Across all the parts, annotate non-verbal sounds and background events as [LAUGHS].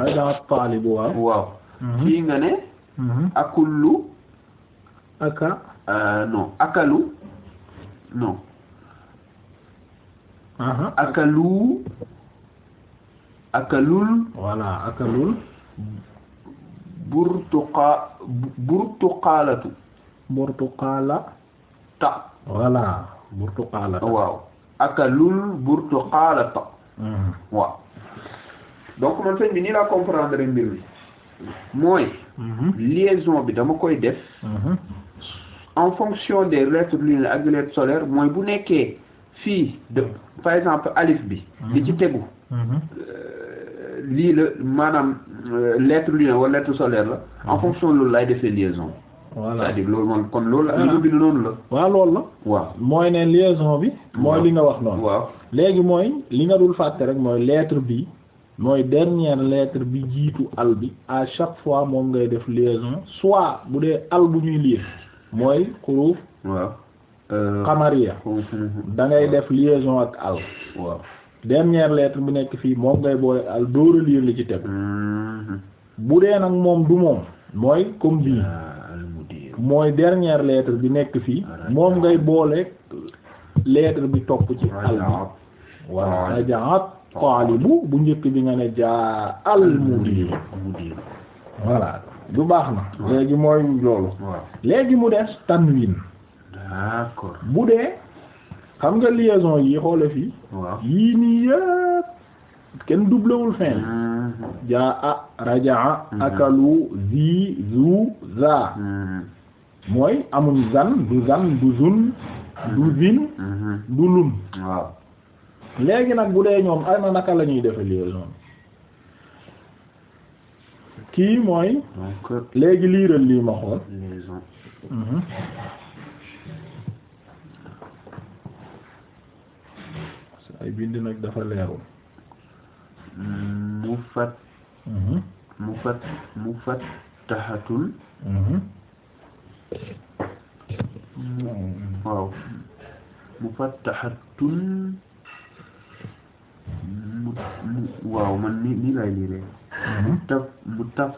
hada taalib waaw waaw mhm. fii nga ne mhm. akullu aka euh, non akalu non akalu akalul voilà akalul burtuqa burtuqaalatu burtuqaala ta voilà burtuqaala ta waaw akalul burtuqaala ta mhm. waaw donc man sëñ bi nii laa comprendre mbir mi mooy. Mhm. liaison bi dama koy def. Mhm. en fonction des lettres lunaires ak lettres solaires mooy bu nekkee fii de par exemple alif bi. li ci mhm. tegu. Euh, lii la maanaam euh, lettre lunaire wala lettre solaire la. en fonction loolu laay defee liaison. voilà c'est-à-dire loolu moom kon loolu. li nga bind noonu la. waaw loolu la. waaw mooy ne liaison bi. mooy li nga wax noonu. waaw léegi mooy li nga dul fàtte rek mooy lettre bi. mooy dernière lettre bi jiitu al bi à chaque fois moom ngay def liaison soit bu dee al bu ñuy liir mooy xuruuf waaw euh, xamariya dangay def liaison ak al waaw dernière bi nekk fii moom ngay boole al dóor a liir ci tegu mm-hmm. bu dee nag moom du moom mooy comme bii mooy dernière lettre bi nekk fii moom ngay boole lettre bi topp ci al bi voilà rajaat taalibu bu njëkk bi nga ne jaa al mudir mudir du baax na léegi mooy loolu léegi mu des tanwin d'accord bu dee xam nga liaison yi xoole fii yii nii yëpp kenn doublewul fin bi mm-hmm. jaa a rajaa mm-hmm. akalu zi zu za mm-hmm. mooy amul zan zan du zun du zin léegi nag bu dee ñoom ana naka la ñuy defe liaison kii mooy léegi liiral lii ma xool mhm. ay bind nag dafa leerul mu fat mhm. fat mu fat waaw man nii nii laay liiree mhm. mutaf mutaf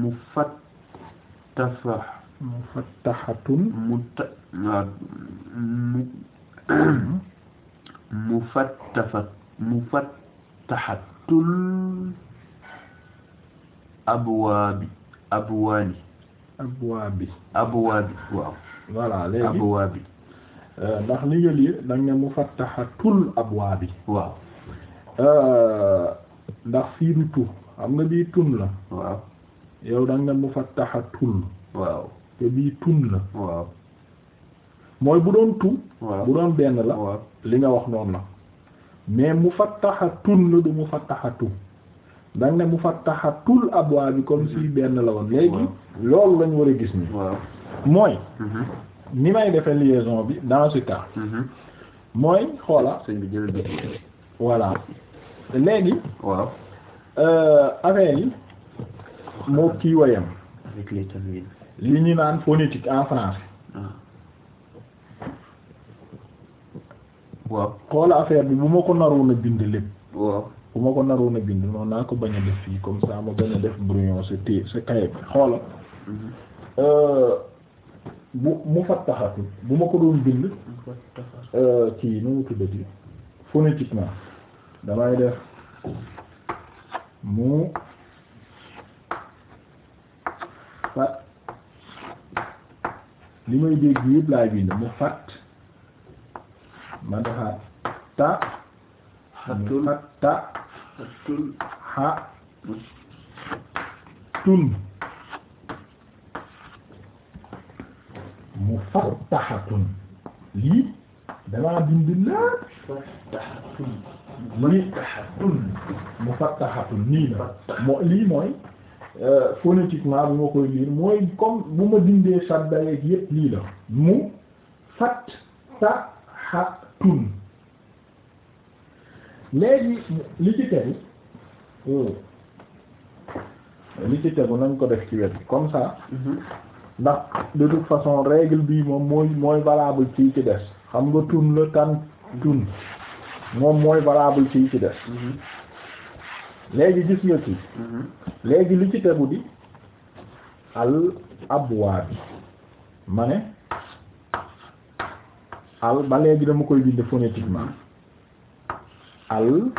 mufattafa mufattahatun muta waaw mu mufattafa mhm. mufattahatul abwaabi abwaani abwaabi abwaabi waaw voilà léegi abwaabi euh, ndax li nga lii da nga ne mufattahatul abwaabi waaw Euh, ndax fii du tur xam nga bii tun la waaw yow da nga mu fattaxa tun waaw te bii tun la waaw mooy bu doon tu bu doon benn la li nga wax noonu la mais mu fattaxa tun la du mu fattaxa tu da ne mu fattaxa tul abwaa bi comme si mm-hmm. benn la woon loolu lañ war a gis ni mooy mm-hmm. ni may defee liaison bi dans ce cas mm-hmm. mooy xoola bi jël voilà léegi. waaw euh, affaire yi moo kii wayam. avec li ñu naan phonétique en français. Ah. waaw xoola affaire bi bu ma ko naroon a bind lépp. waaw bu ma ko naroon a bind noonu naa ko bañ a def fii comme ça ma bañ def brouillon sa té sa kayit bi xoola. Mm-hmm. Euh, bu mu fattaxatu bu ma ko doon bind. mu euh, nu mu tuddati phonétiquement. damay def mu fat li may dégg yëpp laay bind mu fat ma defaat ta mu fat ta ha tun mu fattahatun lii mu ni mufattahatun nii la moo lii mooy euh, phonétiquement bu ma koy liir mooy comme bu ma dindee sadda yeeg lii la mu fat tun léegi hmm. li ci tegu nañ ko def ci wet comme ça mm-hmm. ndax de toute façon règle bi moom mooy mooy valable ci ci des xam nga tun la kan tun moom mooy valable ci ci def mhm. léegi gis nga ci mhm. léegi li ci tegu di al abwaab ma ne al ba léegi dama koy bind phonétiquement al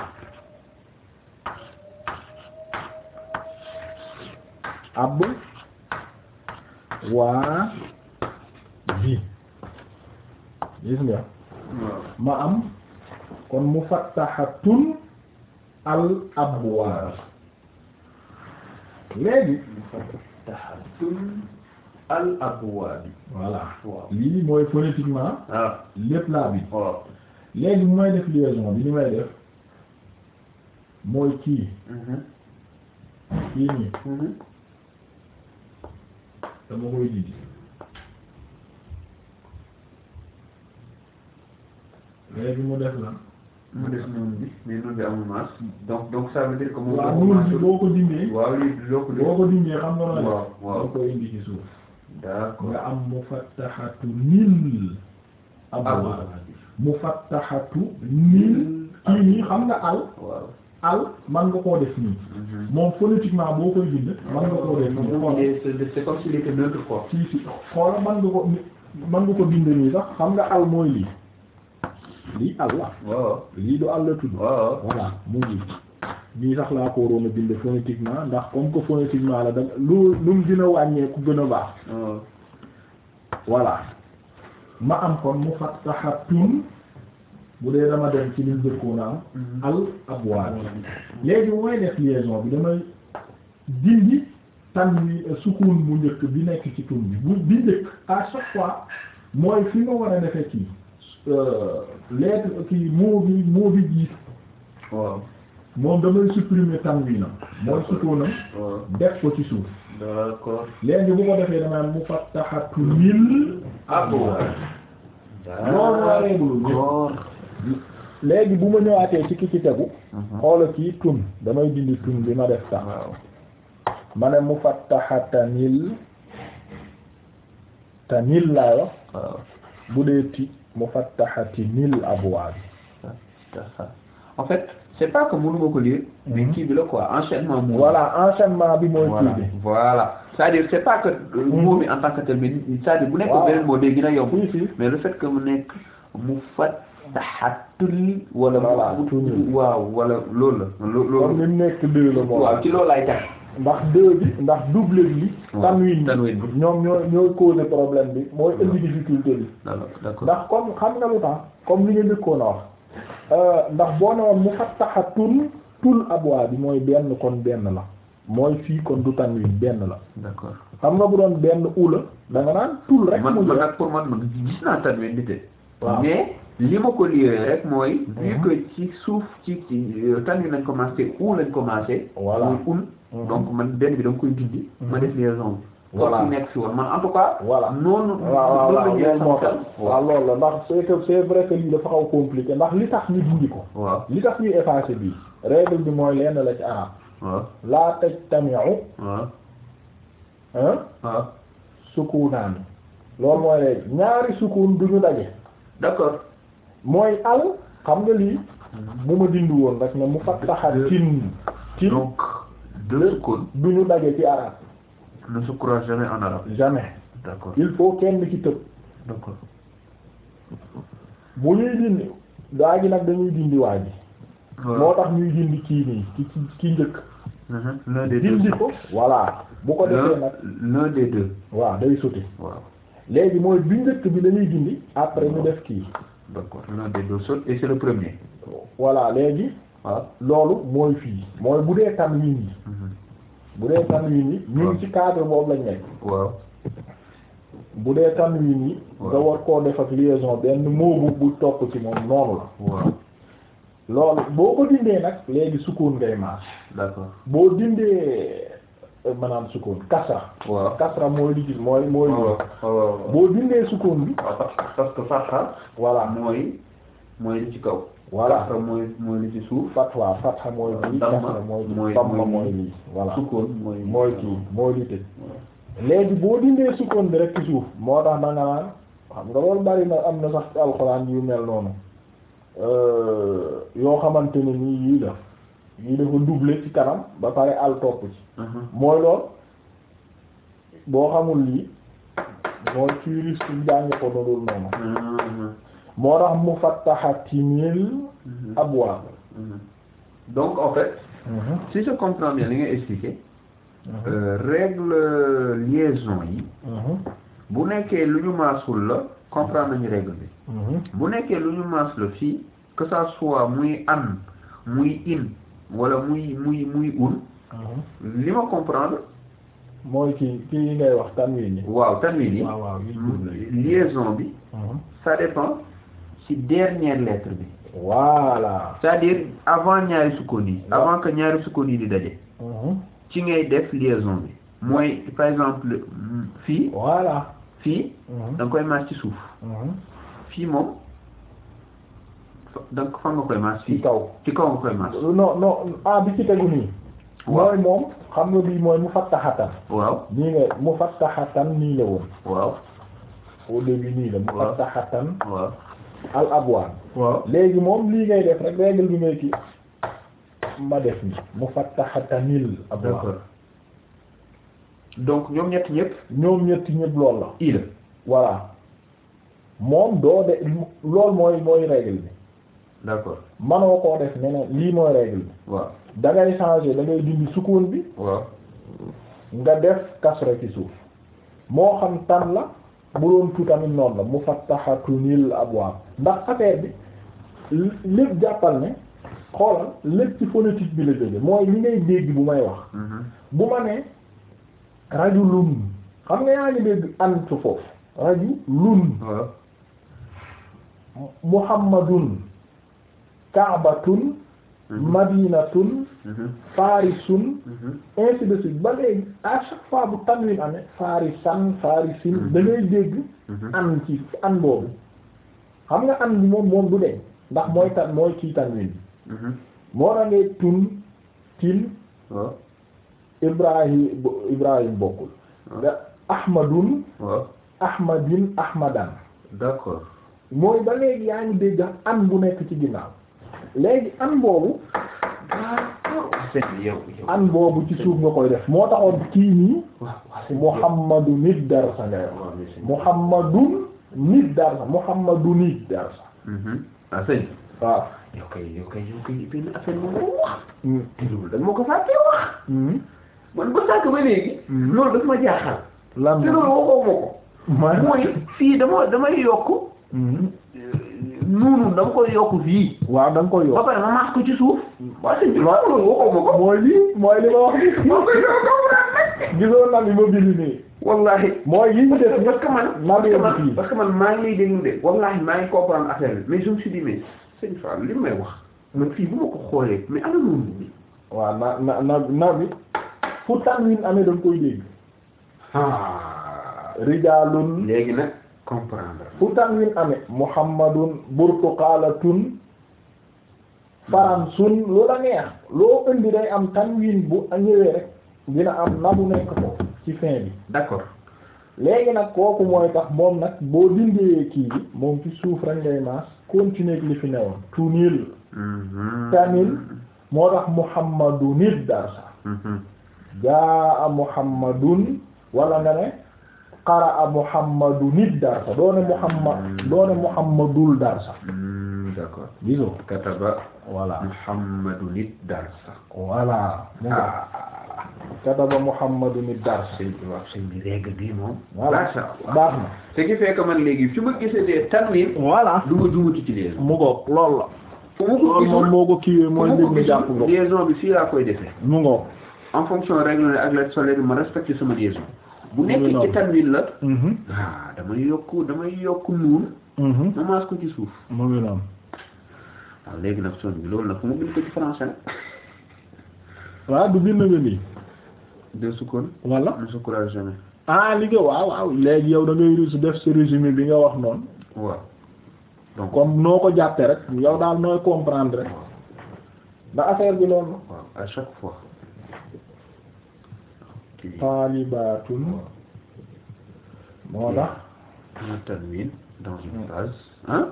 ab waa bi gis nga ma am kon mufattahatun al abwaab léegi mufattahatun al abwaab voilà lii mooy phonétiquement ah. lépp laa bi oh. léegi mu may def liaison bi ni may def mooy kii mhm. kii nii mhm. dama koy dindi léegi mu def lan mu des noonu bi mais noonu bi amul maas donc donc ça veut dire que. moom boo ko dindee ko boo ko dindee xam nga loolu la. waaw waaw koy indi ci suuf. am mufattaxatu nil. abwaab mufattaxatu nil. kii nii xam nga al. waaw al man mhm. nga koo def nii. moom phonétiquement boo koy bind. man nga koo def nii. c'est comme si man ko man nga ko bind nii sax xam nga al mooy lii. lii àll la. waaw lii du àll tudd. waaw voilà mu ngi nii sax ko waroon a bind phonétiquement ndax comme que phonétiquement la da lu lu mu wàññee ku gën a baax. voilà ma am kon mu fattahatun bu dee dama ci liñ jëkkoon am. Mhm. al abwaab léegi bu def liaison bi damay dindi tan bi euh, sukun bu njëkk bi nekk ci tun bi bu bi njëkk chaque fois mooy fi nga war a defee kii. Euh, lettre kii moo bi moo bi jiit waaw def ko ci suuf d'accord léegi bu ko defee damay ah, ci ki ci tegu uh-huh. xoola kii tun damay dindi tun bi ma def tax ma ne mufattahatanil tanil laa wax bu dee ti mufattahatinil abwaab en fait c'est pas que mënuma ko lire. mais kii mhm. bi la quoi enchaînement. mooy voilà enchaînement bi mooy kii bi. voilà c'est-à-dire c'est pas que. Euh, mhm. mot bi en tant que tel mais c'est-à-dire bu nekk beneen moo dee gën a yomb. mais le fait que mu nekk mu fat taxatul. wala mu waaw wala loolu la. loolu la waaw ci loolu laay tax. ndax deux bi ndax double bi. tanwin bi ñoom ñoo ñoo causé problème bi mooy indi difficulté bi. ndax comme xam nga lu tax comme li nga njëkkoon a wax euh, ndax boo ne woon mu fattaxa tun tul abwaa bi mooy benn kon benn la mooy fii kon du tanwin benn la. d'accord xam nga bu doon benn ula da nga naan tul rek. mu man pour man man gis naa tanwin bi de. waaw mais li ma ko lié rek mooy. vu mhm. que ci suuf ci ci euh, tanwin lañ commencé u lañ ko voilà muy un. Mhm. donc man benn bi da koy dindi. ma mhm. def liaison bi. voilà kooku nekk noonu. waaw waaw waaw loolu la ndax c'est que c'est vrai que lii dafa xaw compliqué ndax li tax ni dindi ko. waaw li tax ñuy effacé bi règle bi mooy lenn la ci arab. laa taj tamiu. waaw. ah. sukunaan. loolu mooy rek ñaari sukun duñu daje. mooy al xam nga lii. bu ma dindi woon rek mu fattaxa euh, tin tin. de leur cône ñu daje ci arabe. ne se croise jamais en arabe. jamais. d'accord il faut kenn ci tëb. d'accord. bu ñuy dindi. daa gi nag dañuy dindi waa ji. moo tax ñuy dindi kii nii ki ki njëkk. Mhm. l'un des deux dindi bu ko defee nag l'un des deux. waaw day sauter. waaw léegi mooy bi njëkk bi dañuy gindi après ñu def kii. d'accord l'un des deux saute et c'est le premier. voilà léegi. ah loolu mooy fii mooy bu dee tanwin yi mhm. bu dee tanwin yi ñun ci cadre boobu lañ nekk waaw bu dee tanwin yi nga war koo def ak liaison benn moobu bu topp ci moom noonu la waaw loolu boo dindee nag léegi sukkoon ngay maas boo dindee euh, maanaam sukkoon kasra waaw kasra mooy li gis mooy mooy boo dindee sukkoon bi parce mooy mooy li ci kaw voilà fatha mooy mooy li ci suuf. fatwa fatha mooy lii. damma mooy mooy lii. mooy mooy mooy li tëj. léegi boo dindee sukkoon bi rek ci suuf. moo tax da naan xam nga loolu bari na am na sax ci alxuraan yu mel noonu yoo xamante ni nii yii la yii dafa doublé ci kanam ba pare al topp ci. Uh-huh. mooy lool boo xamul lii mooy ci risque jàng ko noonu noonu. Uh-huh. moo tax mufattahatinil mhm. abwaab mhm. donc en fait mhm. si je comprends bien li nga expliqué euh, règle liaison yi bu nekkee lu ñu maasul la comprendre nañu règle bi bu nekkee lu ñu maas la fii que ça soit muy an muy in wala muy muy muy un li ma comprendre mooy kii kii ngay wax tanwin yi waaw tanwin yi waaw bi ça dépend ci dernière lettre bi. voilà. c'est-à-dire avant ñaari sukkoon yi. avant que ñaari sukkoon yi di daje. Mhm. ci ngay def liaison bi. mooy par exemple fii. voilà fii. Mhm. da nga koy maas ci suuf. Mhm. fii moom da nga fan koy maas. ci kaw ci kaw nga koy maas. Euh, non non ah bi ci tegu nii. waaw moom xam nga bii mooy mu fattaxatan. waaw nii nga mu fattaxatan nii la woon. waaw au début nii la mu fattaxatan. waaw. al abwaan waaw léegi moom lii ngay def rek règle bi ngay kii ma def ni mufattahatanil abwaan donc ñoom ñetti ñëpp ñoom ñetti ñëpp loolu la ila voilà moom doo de loolu mooy mooy règle bi d'accord manoo koo def neneen lii mooy règle bi waaw da ngay changer da ngay dindi sukkoon bi waaw nga def kasra ci suuf moo xam tan la bu doon tout tamit noonu la mufattahatunil abwaab ndax affaire bi lépp jàppal ne xoolal lépp ci phonétique bi la jóge mooy li ngay léegi bu may wax mhm. bu ma ne rajulun xam nga yaa ngi dégg ant foofu rajulun muhammadun ka'batun Mhm. madinatun mhm. farisun mhm. ainsi de suite ba léegi à chaque fois bu tanwin amee farisan farisin da dégg an ci an boobu xam nga an bi moom moom du deñ ndax mooy tan mooy ci tanwin bi moo ra ngay tun til ibrahim ibrahim bokkul nga ahmadun ahmadin ahmadan d'accord mooy ba léegi yaa ngi dégg an bu nekk ci ginnaaw léegi an boobu an boobu ci suuf nga koy def moo taxoon kii nii muhammadu nit darsa nga yox muhammadun nit darsa muhammadu nit darsa asëñ ah, waaw yow kay yow kay yow kay benn affaire moom hmm. ko wax te dañ moo ko fàttee wax man ba sànk ba hmm. dama damay yokk hmm. nuunu da nga koy yokk fii. waaw da nga koy yokk ba pare ma maas ko ci suuf. waa si ma ko mooy li mooy li ma wax. ma koy yokk gisoo nabi ma bind nii. wallaahi. mooy yi ñu def parce que man. parce que man maa ngi lay déglu de. wallaahi maa ngi comprendre affaire bi mais je me suis dit mais sëñ Fall li may wax man fii bu ma ko xoolee mais ana nuunu bi. waaw na na na nabi fu tanwin amee da nga koy dégg. ah. rijaalun léegi nag. comprendre fu tanwin amee muhammadun burtuqaalatun faransun lu la neex loo indi day am tanwin bu ñëwee rek dina am nabu nekk ko ci fin bi d'accord léegi nag kooku mooy tax moom nag boo dindee kii bi moom ci suuf rek ngay maas continuer li fi newoon tunil mhm. tanil moo tax muhammadunid darsa mhm. jaa muhammadun wala nga ne qaraa muhammadu nit darsa doone muhammad hmm. doone muhammadul darsa hmm, d'accord gisoo kataba voilà muhammadu nit darsa voilà mu nga ah, ah, ah. kataba muhammadu nit darsa sëñ bi règle bi moom voilà baax na ce qui fait que man léegi su ma gisee dee tanwin voilà du ma jumati ci léegi mu ngoog loolu la loolu moom moo ko kiiwee mooy mbir mi jàpp nga liaison mu ngoog en fonction règle ak la solaire ma respecté sama liaison bu nekk ci tanwin la waaw mhm. ah, damay yokku damay yokku nuun mhm. ma maas ko ci suuf mu ngi noonu waaw ah, léegi nag son bi loolu nag fu mu bind de sukkoon walla de sukkoon jamais ah li nga yow da ngay risu def bi nga wax noonu waaw donc comme noo ko jàppee rek yow daal nooy comprendre rek da affaire bi loolu waaw fois taalibaatun moo tax un tanwin dans une phrase hein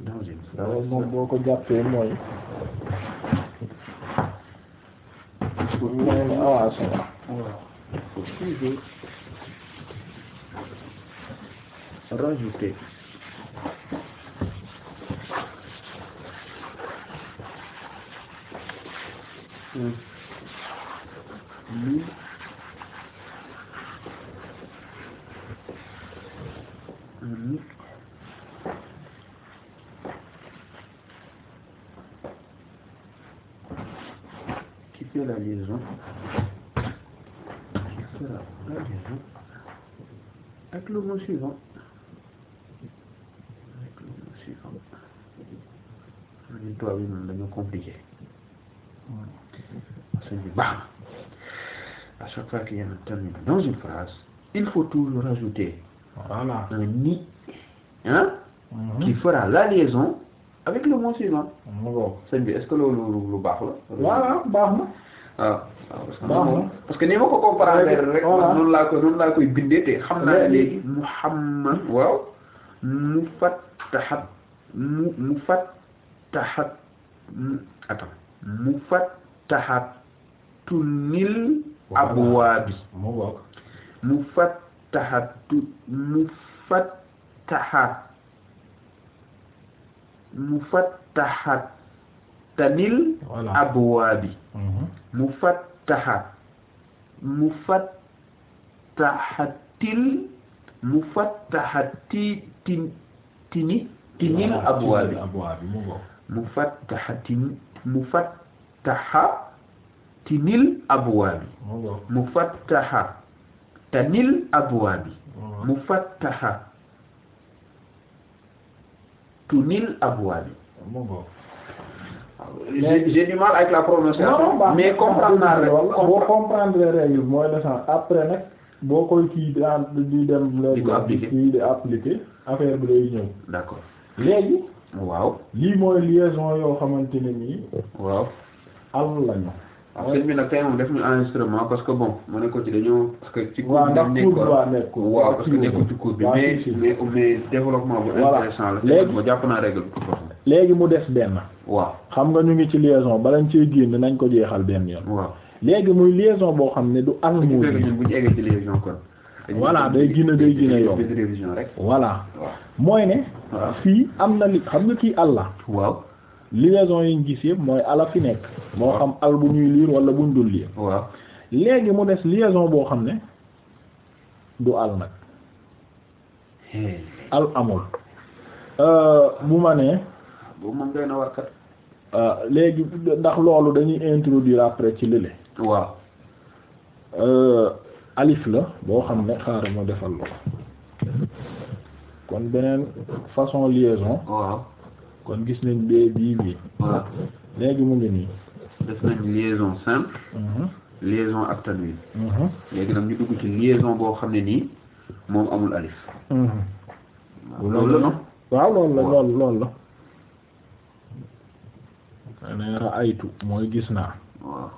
dans une boo ko jàppee mooy mooy awaasa faut toujours rajouter mm. lii lii qui fait la liaison qui fera la liaison avec le mot suivant avec le mot suivant li tubaab yi moom dañoo compliqué sëñ à chaque fois qu'il y a un terme dans une phrase, il faut toujours rajouter voilà. un ni hein, mhm. la liaison avec le mot suivant. sëñ bi est-ce que loolu lu baax la. voilà baax na. Ah, waaw waaw parce que ni ma ko comprendre rek. noonu laa koy noonu laa koy bindee te xam naa léegi. muhammad waaw. mu fattaxat mu abwaabi mu fattaxatu mu fattaxa mu fattaxa tanil abwaabi mhm. mu fattaxa mu fattaxatil mu fattaxati tin tini tinil abwaabi mu fattaxatin mu fattaxa tinil abwaabi mufattaha tanil abwaabi mufattaha tunil abwaabi j'ai du mal avec la prononciation mais comprendre naa rek boo comprendre rek mooy descend après nag boo koy kii di dem léegi kii di appliquer affaire bi day ñëw d'accord léegi waaw lii mooy liaison yoo xamante ne nii waaw al lañu waaw sëñ bi nag tey moom que bon ma ne ko ci dañoo. parce que ci cours bi nekkul bi développement bu intéressant la. léegi jàpp naa règle léegi mu des benn. waaw xam nga ñu ngi ci liaison balañ cee génn nañ ko jeexal benn yoon. léegi muy liaison boo xam ne du. al mu bu ñu eggee ci liaison kon. voilà day gina day gina yow. voilà mooy ne. fii am na li xam nga kii àll waaw. liaison yi ñu gis mooy ala nekk. moo xam al bu ñuy liir wala bu dul liir. waaw léegi mu des liaison boo xam ne du al nag. Hmm. al amul. Euh, bu ma nee. na warkat. Euh, léegi ndax loolu dañuy introduire après ci lële. waaw. Euh, alif la boo xam ne xaaral ma defal loolu. kon beneen façon liaison. kon gis nañ bee bii bii voilà léegi mu ngi nii def nañ liaison simple mhm. liaison ak tanwin mhm. léegi nag ñu dugg ci liaison boo xam ne nii moom amul alif mhm. loolu la no loolu loolu loolu la ne ra'aytu mooy gis naa waaw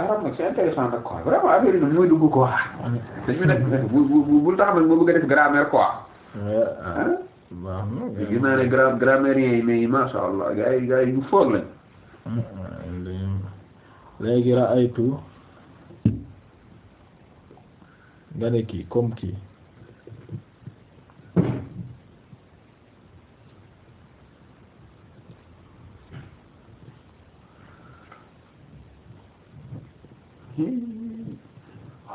arab nag c'est intéressant nag quoi vraiment affaire yi nag mooy dugg quoi dañu nekk bul tax nag moo bëgg a def grammaire quoi euh, baax na hmm, gis naa ne gram grammaire yi masha allah gars yi gars yi ñu foog lañ. Hmm. léegi ra'aytu nga ne kii comme kii.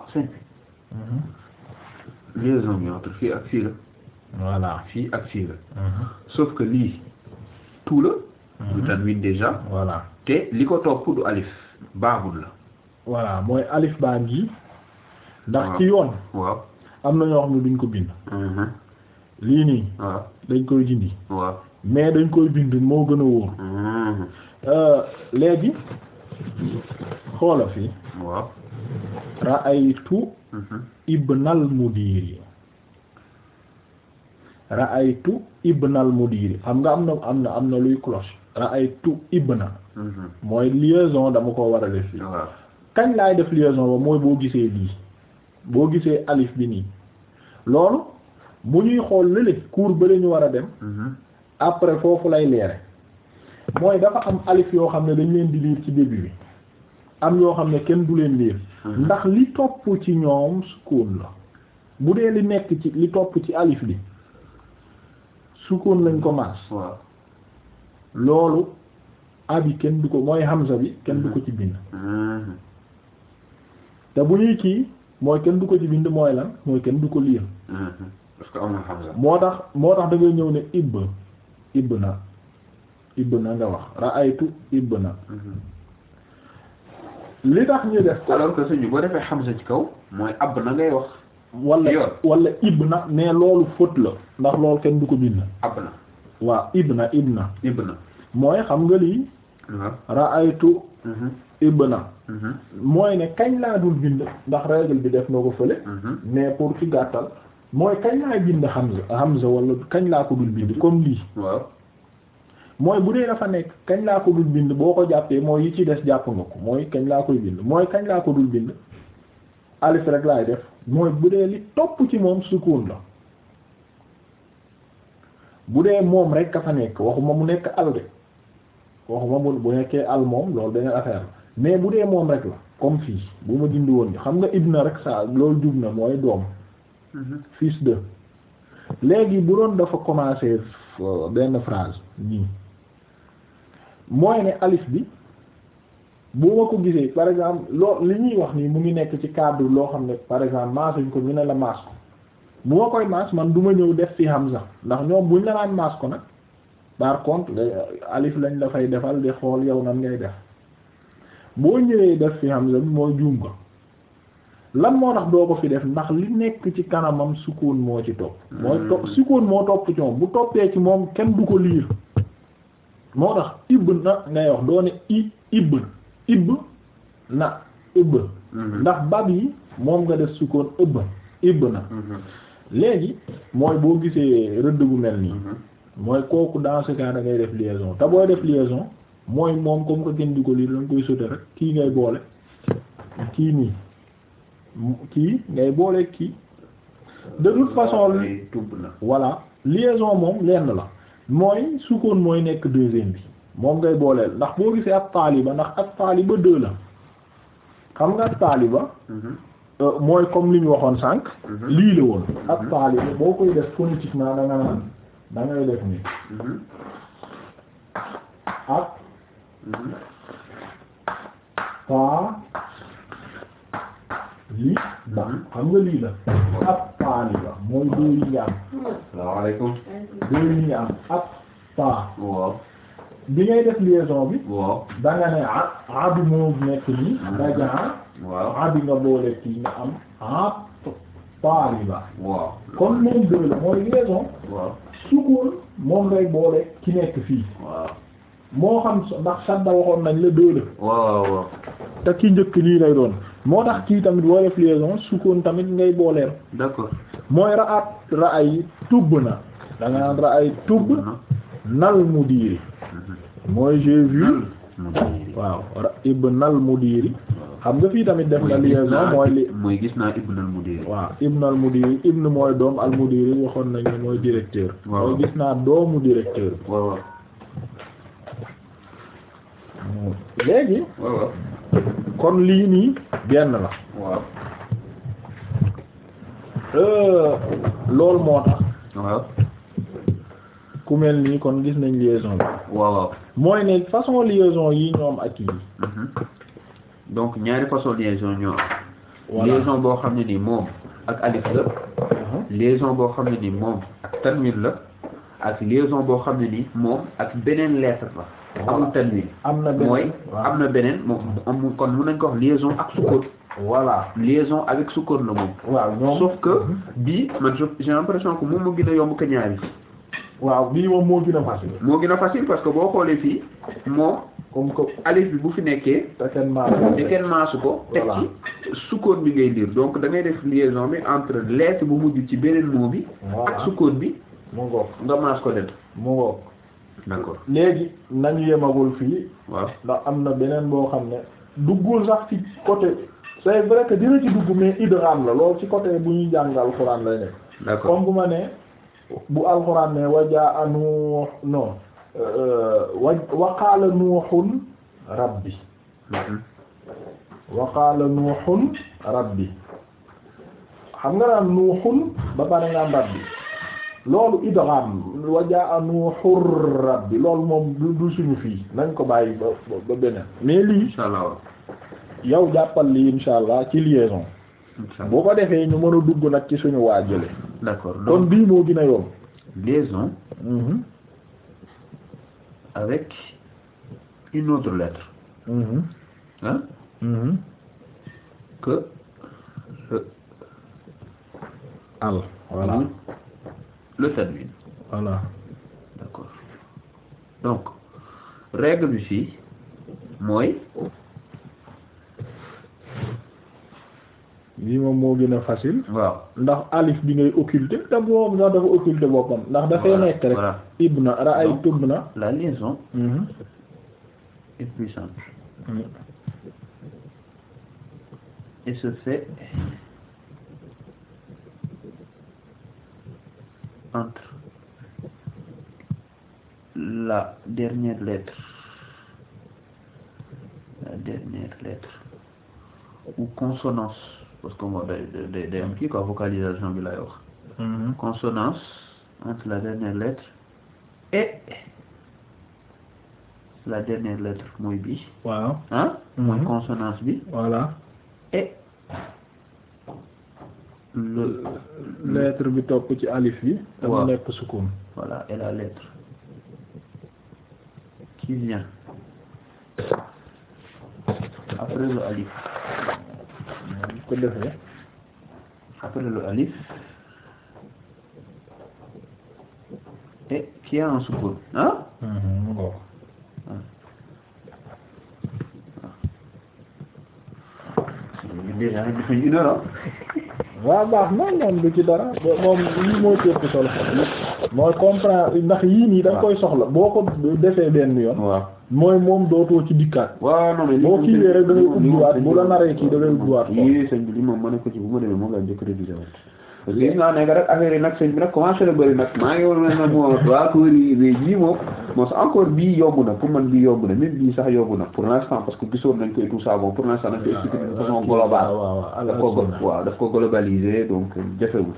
Hmm. liaison bi entre fii ak fii voilà fii ak fii la mhm. sauf que lii tout la mhm. du voilà te li ko topp du alif baabul la voilà mooy alif baa ngi ndax ci yoon am na ñoo xam ne duñ ko bind mhm. lii nii dañ koy dindi mais dañ koy bind moo gën a wóor euh, léegi xoola fii waaw ra'aytu ibnal mudiri ra'aytu ibnal mudiri xam nga am na am na am na luy cloche ra'aytu ibna mhm. mooy liaison dama koo war a def fii kañ laay def liaison ba mooy boo gisee lii boo gisee alif bi nii loolu bu ñuy xool lële cours ba la ñu war a dem mhm. après foofu lay leere mooy dafa am alif yoo xam ne dañ leen di liir ci début bi am yoo xam ne kenn du leen liir mhm. ndax li topp ci ñoom sukun la bu dee li nekk ci li topp ci alif bi sukkoon lañ ko maas waaw loolu yi kenn du ko mooy hamza bi kenn du ko mm-hmm. ci bind mm-hmm. te bu ñuy kii mooy kenn du ko ci bind mooy lan mooy kenn du ko liir mm-hmm. parce que amul moo tax moo tax da ñëw ne ibb ib na ibb na nga wax ra'aytu ibb na li tax ñu def alors que suñu boo defee hamza ci kaw mooy ab na ngay wax wala wala ibna mais loolu faute la ndax lool kenn du ko bind abna waaw ibna ibna ibna mooy xam nga lii ra'aytu mhm. ibna mhm. mooy ne kañ laa dul bind ndax règle bi def noo ko fële mhm. mais pour fi gàttal mooy kañ laa bind hamza hamza wala kañ laa ko dul bind comme lii waaw mooy bu dee dafa nekk kañ laa ko dul bind boo ko jàppee mooy yi ci des jàpp nga ko mooy kañ laa koy bind mooy kañ laa ko dul bind alif rek laay def mooy bu dee li topp ci moom sukun la bu dee moom rek a fa nekk waxuma mu nekk al de waxuma mu bu nekkee al moom loolu beneen affaire la mais bu dee moom rek la comme fii bu ma dindi woon xam nga ibna rek saa loolu jub na mooy doom mhm. fils de léegi bu doon dafa commencer euh, benn phrase nii mooy ne alif bi bu ma ko gisee par exemple loo li ñuy wax nii mu ngi nekk ci cadre loo xam ne par exemple maasuñ ko ñu ne la maas ko bu ma koy maas man du ma ñëw def fi hamza ndax ñoom buñ la naan nag par contre alif lañ la fay defal di xool yow nan ngay def boo ñëwee def fi hamza bi mooy juum ko lan moo tax doo ko fi def ndax li nekk ci kanamam sukkoon moo ci topp mooy topp hmm. sukkoon moo topp ci moom bu toppee ci moom kenn du ko liir moo tax ibn na ah, ngay wax doone i ibn ibb na ëbb mhm. ndax bab yi moom nga def sukkoon ëbb ibb na mhm. léegi mooy boo gisee rëdd bu mel nii mhm. mooy kooku dans ce ngay def liaison te booy def liaison mooy moom comme que kenn di ko lii danga koy sote rek kii ngay boole kii nii kii ngay boole kii de toute façon tub na moom lenn la mooy sukkoon mooy nekk deuxième bi moom ngay boole ndax boo gisee ab taaliba ndax ab taaliba deux la xam nga ab taaliba mhm. euh, mooy comme li ñu waxoon sànq mhm. lii la woon mhm. boo koy des phonétiquement da nga naan da ngay def paa lii ba xam nga lii la ab taaliba mooy deux yi nga am salaamaaleykum deux paa bi ngay def liaison bi. waaw da nga ne ah ah bi moo nekk nii. raja ah. ah. waaw ah nga boole kii nga am ah pariba. waaw kon même deux mooy liaison. waaw moom ngay boole ki nekk fii. waaw moo xam ndax sadda waxoon nañ la deux te ki njëkk lii lay doon. moo tax kii tamit woo def liaison sukkoon tamit ngay booleel. dako mooy ra at ra ay tubb na danga naan ra ay tubb. nal mudiri mooy j'ai vu waaw ibn al mudiri xam nga fii tamit def na liaison mooy li mooy gis naa ibn al mudiri waaw ibn al mudiri ibn mooy doom al mudiri waxoon nañu mooy directeur mooy gis naa doomu directeur léegi kon lii nii benn la waaw euh, loolu moo tax ku mel nii kon gis nañ liaison bi waaw waaw mooy ne façon liaison yi ñoom ak yi mhm. donc ñaari façon liaison ñoo am liaison boo xam ne ni moom ak alif la mhm. liaison boo xam ne ni moom ak tanwin la ak liaison boo xam ne ni moom ak beneen lettre la amul tanwin am na beneen mooy am na beneen moom amul kon mën nañ ko wax liaison ak sukkoon voilà liaison avec sukkoon la moom waaw sauf que mhm. bii man j'ai l'impression que moom mu gën a yomb que ñaari waaw bii moom moo gën a facile. moo gën a parce que boo xoolee fii moo. comme que alif bi bu fi nekkee. te kenn maasu ko te kenn maasu ko. teg ci sukkoon bi ngay liir donc dangay ngay def liaison bi entre lettre bu mujj ci beneen mot bi. ak sukkoon bi. mu ngoog nga maas ko dem. mu ngoog. d'accord léegi nañu yemagul fii. waaw ndax am na beneen boo xam ne. duggul sax ci côté. c'est vrai que dina ci dugg mais idgham la loolu ci côté bu ñuy jàngal Alxuraan lay nekk. d'accord comme ma nee. bu alxuraan ne wajaa nuux non euh, euh, wa waqaala nuuxun rabbi waqaala nuuxun rabbi xam nga naan nuuxun ba pare naan rabbi loolu idgham wajaa nuuxur rabbi loolu moom du suñu fii nañ ko bàyyi ba ba beneen mais lii yow jàppal lii insha allah bu ko defee ñu mën a dugg nag ci suñu waa jële d'accord kon bii moo gën a yomb liaison mhm. avec une autre lettre ah que le al voilà le tanwin voilà donc règle bi mooy lii moom moo gën a facile. waaw ndax alif bi ngay occulter te boobu sax dafa occulter boppam. ndax dafay nekk rek. ibna ra'aytu ibna. la liaison mhm. est puissante. et se fait entre la dernière lettre la dernière lettre ou consonance. parce que moo day day day am kii quoi vocalisation bi lay wax mm-hmm. consonance la dernière lettre la dernière lettre mooy bi waaw ah mooy mm-hmm. bi voilà et le lettre bi topp ci alif bi dama nekk la lettre qui vient après le alif ko defee après le alif et qui a ah. déjà nag dafa baax na moom du ci dara moom lii mooy solo mooy comprendre ndax yii nii da koy soxla boo ko defee benn yoon waaw mooy moom dootoo ci dikkaat. waaw non mais boo kiiwee rek bi li moom ma ne ko ci bu ma demee moom laa njëkk a parce que gis naa ne rek affaire nag sëñ bi nag commencé na bëri nag maa ngi woon ne nag moom waa kër yi mais bii moom encore bii yomb na pour man bii yomb na même bii sax yomb na pour l'instant parce que gisoon nañ ko et tout ça bon pour l'instant nañ ko expliqué de ah, façon globale. daf ah, ko waaw daf ko globalisé donc euh, jafewul.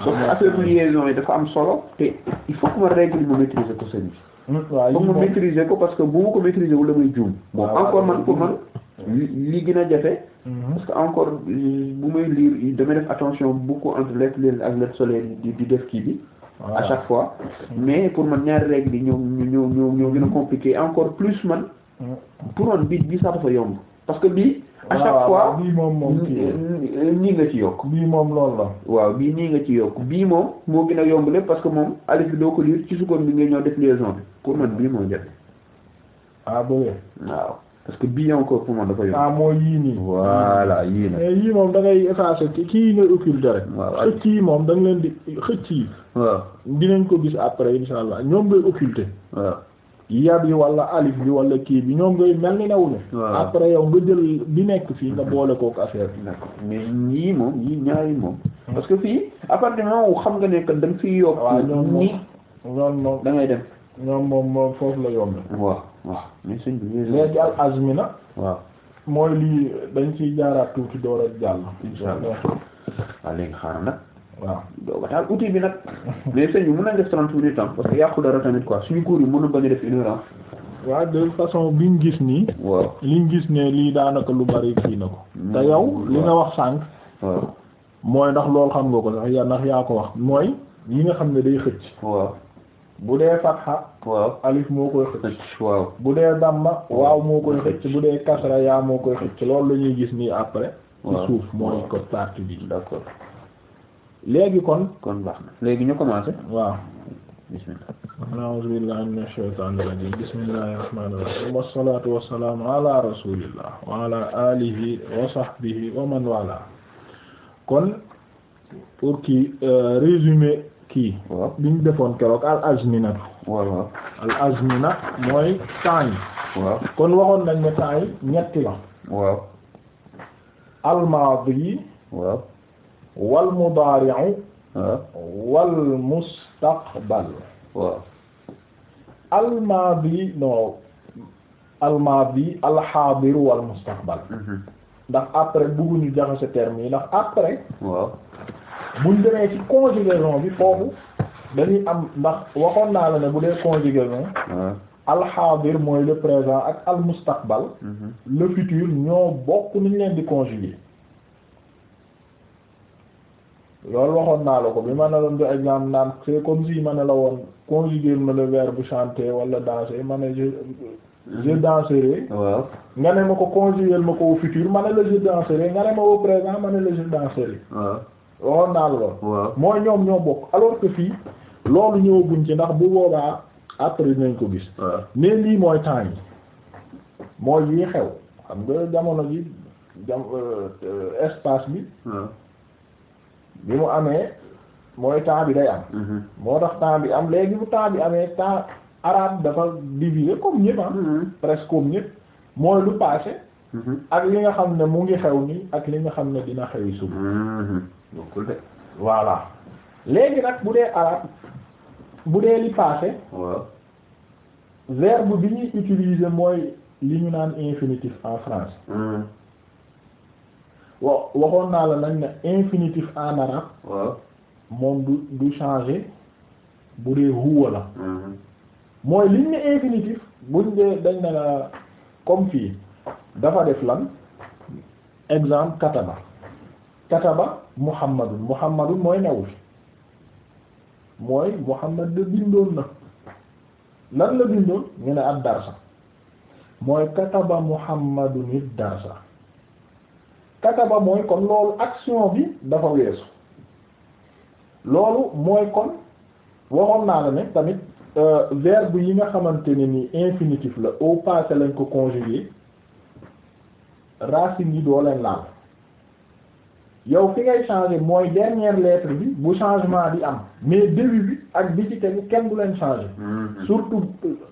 Ah, yi dafa am solo te il faut que ma règle ma maîtriser ko pour mu maîtriser ko parce que bu ma ko maîtriser la damay juum bon encore man pour man li gën a jafe mhm. parce que encore bu may lire damay def attention beaucoup entre lettre lile ak lettre solaire di di def kii bi à chaque fois mhm. mais pour man ñaari règles yi ñoo ñoo ñoo ñoo gën a compliqué encore plus man mhm. pour man bi bi sax dafa yomb parce que bii. à chaque fois bii moom moom nii nga ci yokk. bii moom loolu la. waaw bii nii nga ci yokk bii moom moo gën a yomb lépp parce que moom alif bi doo ko lire ci sukkoon bi nga ñëw def liaison bi pour man bii moo jafe. ah parce que bii encore pour man dafa yomb. ah mooy yii nii. voilà yii na. mais yii moom da ngay effacer kii yi rek. waaw yi moom da nga leen di xëcc yi. waaw ko gis après incha allah ñoom ngay yab yi wala alif bi wala kii bi ñoom ngay mel ni newuñu après yow nga jël bi nekk fii nga boole kook affaire bi d'accord mais ñii moom ñii ñaari moom parce que fii appartement xam nga ne que da nga fiy yokk waaw ñoom moom dem ñoom moom moom foofu la yomb waaw waaw mais sëñ bi léegi al azmina waaw mooy lii dañ ciy jaaraat tuuti door a jàll inshallah léegi xaaral nag waaw dooga taal outil bi nag mais sëñ bi mën nañ def trente minutes am parce que yàqu dara tamit quoi suñu cours yi mën na bañ a def une heure waaw de façon bi ñu gis nii waaw li gis ne lii daanaka lu bari na ko mm, li nga wax sànq waaw mooy ndax loolu xam nga ko sax ya ndax yaa ko wax mooy yi nga xam ne day xëcc bu dee fatxa waaw alif moo koy xëcc bu dee damma waaw moo koy xëcc bu dee kasra yaa moo koy xëcc loolu la ñuy gis nii après ci mooy ko partie bi d'accord léegi kon kon léegi ñu commencé waaw bismillah a'uuzu billahi minash shaytaanir rajiim bismillahir rahmaanir rahiim wassalaatu wassalaamu ala rasulillah wa ala alihi wa sahbihi wa man wala kon pour kii euh, résumé kii biñ defoon keroog al azminatu waaw al azmina mooy temps yi waaw kon waxoon nañ ne temps yi ñetti la waaw al yi waaw wal mudaari'u wal mustaqbal waaw al maadi non al maadi al haadir mhm. ndax après bëgguñu jaxase terme yi ndax après waaw buñ demee ci conjugaison bi foofu dañuy am ndax waxoon naa la ne bu dee conjugaison al mooy le présent ak al mustaqbal mhm. le futur ñoo bokk niñ leen di conjuguer loolu waxoon naa la ko bi ma ne doon jox exemple naan c'est comme si ma la woon conjuguer ma le verbe chanter wala danser ma ne je je waaw nga ne ma ko conjuguer ma ko au ma ne la je danserai nga ne ma au présent ma ne la je danserai. waaw waxoon naa la mooy ñoom ñoo bokk alors que fii loolu ñëwaguñ ci ndax bu boobaa après nañ ko gis. waaw mais lii mooy temps yi mooy yii xew xam nga jamono ji jam euh, euh, espace bi. bi mu amee mooy temps bi day am mm-hmm. moo tax temps bi am léegi bu temps bi amee temps arabe dafa divisé comme ñëpp ah. mm-hmm. presque comme ñëpp mooy lu passé mm-hmm. ak li nga xam ne mu ngi xew nii ak li nga xam ne dina xewi suba bokkul voilà léegi nag bu dee arabe bu dee li passé verbe bi ñuy utiliser mooy li ñu naan infinitif en français wa waxoon naa la nag ne infinitif en arabe. moom du du changer bu dee huwa la. Mm-hmm. mooy liñ ne infinitif buñ dee dañ ne la comme fii dafa def lan exemple kataba kataba muhammadun muhammadun mooy newu fi mooy muhammad de bindoon na lan la bindoon ñu ne ad darsa mooy kataba muhammadun it darsa kataba mooy kon loolu action bi dafa weesu loolu mooy kon waxoon naa la ne tamit euh, verbe yi nga xamante ne ni infinitif la au passé lañ ko conjuguer racine yi doo leen laal yow fi ngay changer mooy dernière lettre bi bu changement bi am mais début bi ak bi ci tegu kenn du leen changer mm-hmm. surtout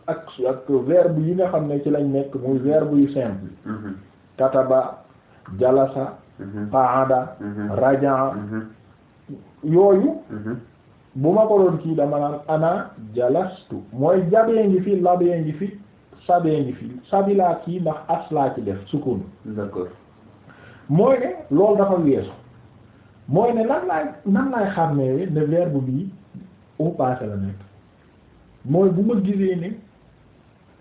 ak ak verbe yi nga xam ne ci lañ nekk muy verbe yu simple mm-hmm. kataba jalasa qaada mhm. mhm. rajaa mhm. yooyu bu ma ko doon kii dama naan ana jalastu mooy jabee ngi fi labee ngi fi sabee ngi fi sabilaa kii ndax aslaa ci def sukun mooy ne loolu dafa weesu mooy ne nan laay nan laay xàmmee ne verbe bi au la nekk mooy bu ma gisee ne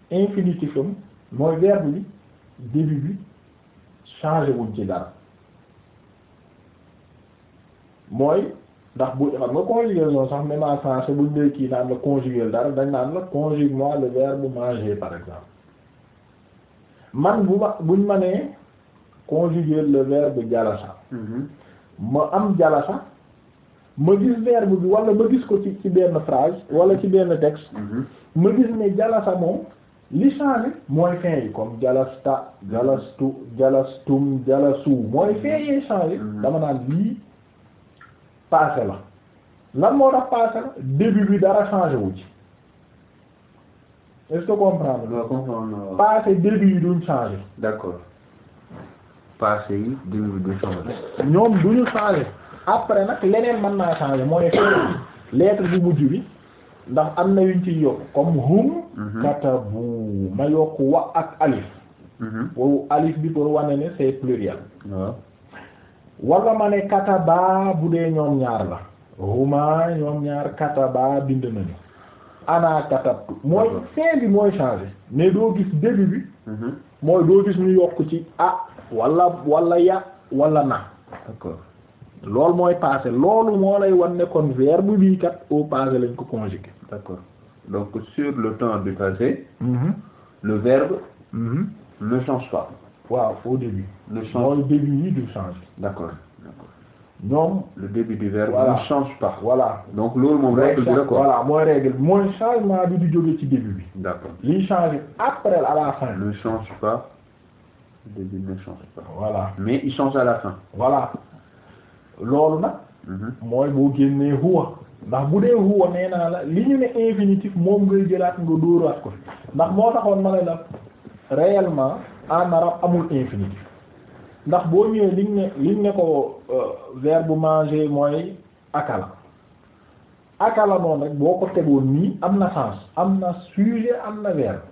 infinitif mooy verbe bi début bi changé wuñ ci dara mooy ndax bu xam nga conjugaison sax même en français buñ dee kii naan la conjuguer dara dañ naan la conjugue-moi le verbe manger par exemple man bu ma buñ ma nee conjuguer le verbe jalasa mhm. ma am jalasa ma gis verbe bi wala ma gis ko ci ci benn phrase wala ci benn texte mhm. ma gis ne jalasa moom li changé mooy fin yi comme jalasta jalastu jalastum jalasu mooy fin yi changé mm. dama naan lii passé la lan moo tax passé la début bi dara changé wu ci est-ce que comprendre nga comprendre passé début yi duñ changé d'accord passé yi début bi duñ changé ñoom duñu changé après nag leneen mën naa changé mooy lettre bu mujj bi ndax am na yuñ ci yokk comme hum mhm. katabu ma yokk wa ak alif boobu mhm. alif bi pour wane ne c'est pluriel wala ma ne kataba bu dee ñoom ñaar la huma ñoom ñaar kataba bind nañu ana katabtu mooy fin bi mooy changé mais doo gis début bi mhm. mooy doo gis ñu yokk ci a wala wala ya wala na loolu mooy passé loolu moo lay wan ne kon verbe bii kat au passé lañ ko conjugué. d'accord donc sur le temps du passé. Mm-hmm. le verbe. Mm-hmm. ne change pas. waaw au début. ne change mooy début yi du change. d'accord d'accord ñoom. le début du verbe. Voilà. ne change pas. voilà donc loolu moom règle bi la quoi. voilà mooy règle mooy changement bi du jóge ci début bi. d'accord liy changer après à la fin. ne change pas. le ne change pas. voilà mais il change à la fin. voilà. loolu nag mhm. mooy boo génnee huwa ndax bu dee huwa nee naa la li ñu ne infinitif moom ngay jëlaat nga dóoraat ko ndax moo taxoon ma ne la réellement en arabe amul infinitif ndax boo ñëwee liñ ne liñ ne ko euh, verbe manger mooy akala akala noonu rek boo ko tegoon nii am na sens am na sujet am na verbe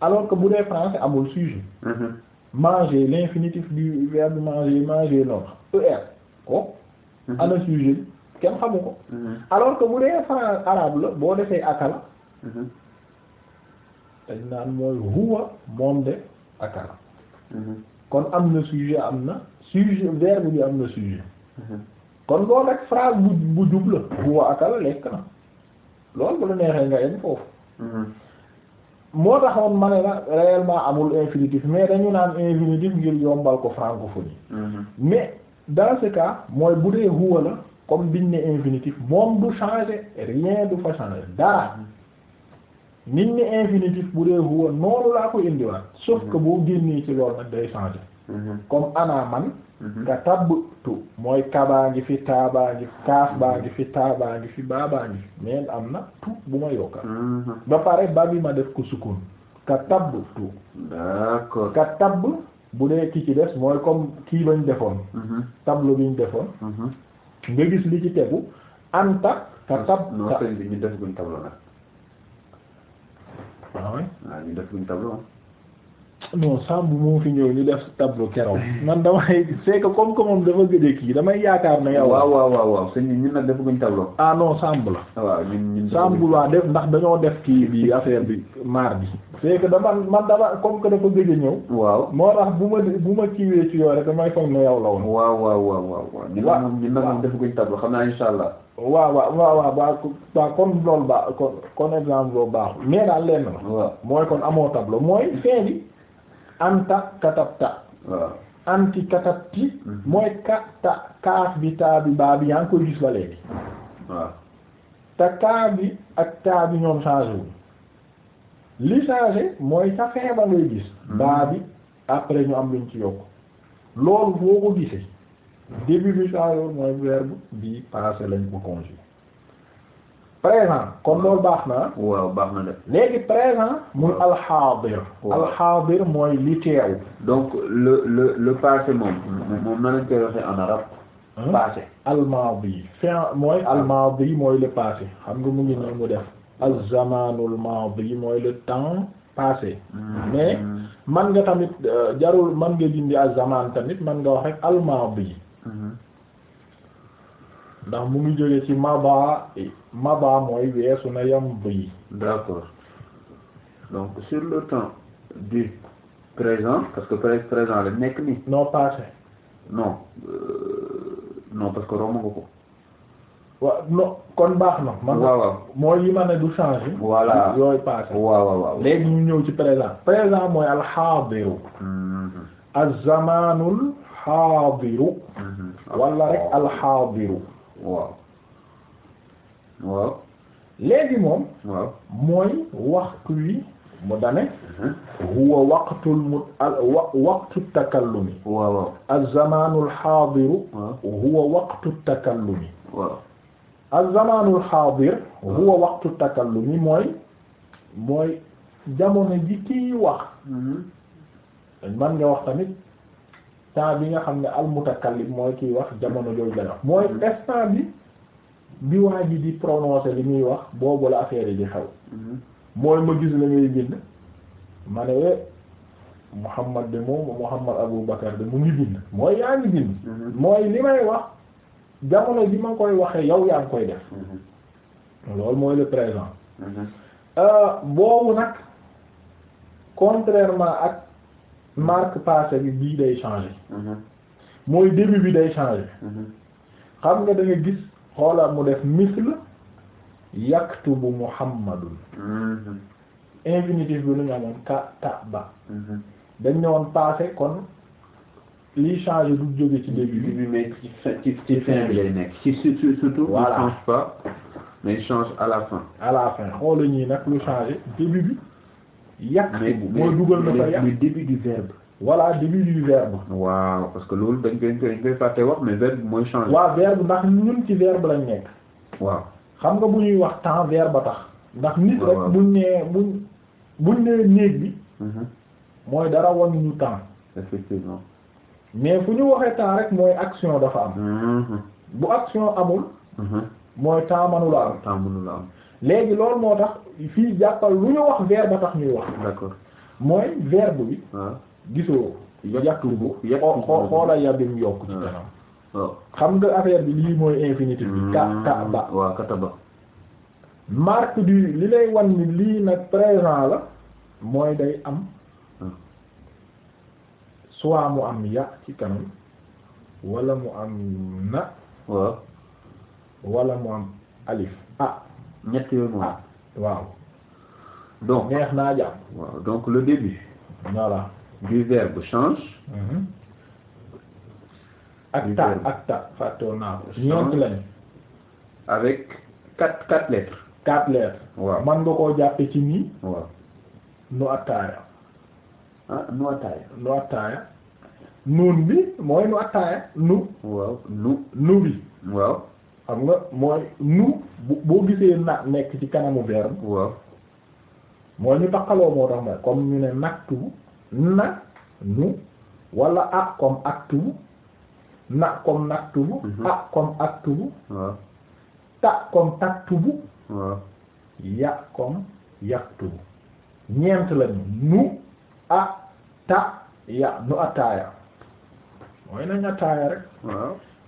alors que bu dee français amul sujet mhm. manger l'infinitif du verbe manger manger non er ko Mhm. ana sujet bi kenn xamu ko mhm. alors que bu dee franc arabe la boo defee akala mhm. dañ naan mooy huwa moom de akala kon am na sujet am na sujet verbe bi am na sujet kon boo rek phrase bu bu jub la huwa akala lekk na loolu bu neexee nga yem foofu moo taxoon ma ne la réellement amul infinitif mais dañu naan infinitif ngir yombal ko francophonie mais dans mooy bu dee huwa la comme biñ ne infinitif moom du changer rien du fa changer dara nit ñi infinitif bu dee huwa noonu laa ko indiwaat sauf que boo génnee ci loolu nag day changer mhm. comme ana man mhm. nga tabb tu mooy kabaa ngi fi taabaa ngi fi kaaf baa ngi fi taabaa ngi fi baabaa ngi fi mais am na tu bu ma yokka mhm. ba pare ba bi ma def ko sukun ka tabb tu ka tabb bu dee ki ci des mooy comme kii bañ defoon mm-hmm. tableau biñ defoon mm-hmm. nga gis li ci tegu anta ka tab non sëñ bi ñu def non Samb moo fi ñëw ñu def tableau keroog man damay c'est que comme que moom dafa gëj kii damay yaakaar na yow. waaw waaw waaw waaw sëñ bi ah, Samb la. waaw ñun ñun Samb def ndax dañoo def kii bi affaire bi mardi. c'est que dama man dama comme que dafa gëj ñëw. waaw moo ma bu ma kiiwee ci yow yow la waaw waaw waaw waaw. defaguñ tableau xam naa incha allah. waaw waaw waaw waaw waaw kon loolu ba kon exemple boobu baaxul mais daal lenn la. waaw mooy kon amoo tableau mooy fin bi. anta katabta waaw anti katabti mooy katta kaaf bi taa baa bi yaa ngi koy gis ba léegi waaw te kaa bi ak taa ñoom changé li changé mooy sa feeba ngay gis hmm. baa bi après ñu am luñ ci yokk loolu boo ko gisee début bi changé mooy verbe bi passé lañ ko conjugué présent kon loolu baax na waaw baax na def léegi présent muy alxaadir alxaadir mooy li teew donc le le le passé moom moom na lañ koy waxee en arabe passé almaadi fin mooy ah. almaadi mooy le passé xam nga mu ngi nii mu def ah. azzamanul maadi mooy le temps passé hmm. mais man nga tamit euh, jarul man nga dindi azzaman tamit man nga wax rek almaadi hmm. ndax mu ngi jóge ci maba maba mooy weesu na yam bëyi d'accord donc le temps du présent parce que présent la nekk nii noo passé non euh, non parce que romb nga ko non kon baax na man waaw mooy yi ma ne du changer voilà yooyu passé waaw waaw ñëw ci présent présent mooy alxaadiru mm-hmm. az-zamaanul xaadiru mm-hmm. wala rek oh. alxaadiru waaw waaw léegi moom waaw mooy waxtu wi mu dane uh-huh. huwa waqtul mu waqtu takallumi waaw az-zamaanul haadiru huwa waqtu takallumi waaw mooy mooy jamono ji kiy wax man mm-hmm. nga wax tamit temps bi nga xam ne almutakallim mooy kiy wax jamono jooju lay wax mooy instant bi bi waa ji di prononcer li muy wax boobu la affaire yi di xew mhm. mooy ma gis la ngay bind ma ne eh, Muhammad de moom Muhammad Abu Bakar de mu ngi bind mooy yaa ngi bind mhm. mooy li may wax jamono ji ma koy waxee yow yaa ngi koy def mhm. loolu mooy le présent euh, boobu nag contrairement ak Hmm. marque passé bi bii day changé hmm. mooy début bi day changé hmm. xam nga da nga gis xoolal mu def misl yaktubu muhammadun infinitif bi lu ñu amoon ka ta ba dañ ne woon passé kon liy changé du jóge ci début bi mais ci ci ci fin bi lay nekk ci surtout voilà change pas mais change à la fin à la fin xoolu ñii nag lu changé début bi yàq mooy dugal na fa yàq mais début du verbe voilà début waaw parce que loolu dañ koy dañ koy fàtte wax mais verbe mooy changer waaw verbe ndax ñun ci verbe lañ nekk waaw xam nga bu ñuy wax temps verbe a tax ndax nit rek buñ nee buñ buñ nee néeg bi mhm. mooy dara wan ñu temps effectivement mais fu ñu waxee temps rek mooy action dafa am mhm. bu action amul mhm. mooy temps manula am temps manula am léegi loolu moo tax fii jàppal lu ñu wax verbe tax ñuy wax. mooy verbe bi. Ah. gisoo. yàqulu yàqulu xoo xoola yabim yokk ci ah. kanam. Oh. xam nga affaire bi lii mooy infinitif bi. ka mm. ka ba waaw du li lay wan lii nag présent la mooy day am. Ah. soit mu am ya ci kanam walla mu am na. waaw wala mu am alif ah. ñett yoon waaw waaw donc neex naa jàpp waaw donc le début voilà du verbe change mhm. ak ta ak ta fàttewoon naa ko ñeent lañ avec quatre quatre lettres quatre lettres waaw man nga koo jàppe ci nii waaw nu attaaya ah nu attaaya nu attaaya nuun bi mooy nu attaaya nu waaw bi waaw xam nga mooy nu boo gisee na nekk ci kanamu verbe waaw mooy ñu takkaloo moo tax mooy comme ñu ne naktubu na nu wala a comme aktubu na comme naktubu mhm. a comme aktubu ta comme taktubu ya comme yaktubu ñeent lañu nu a ta ya nu ataaya mooy nañ ataaya rek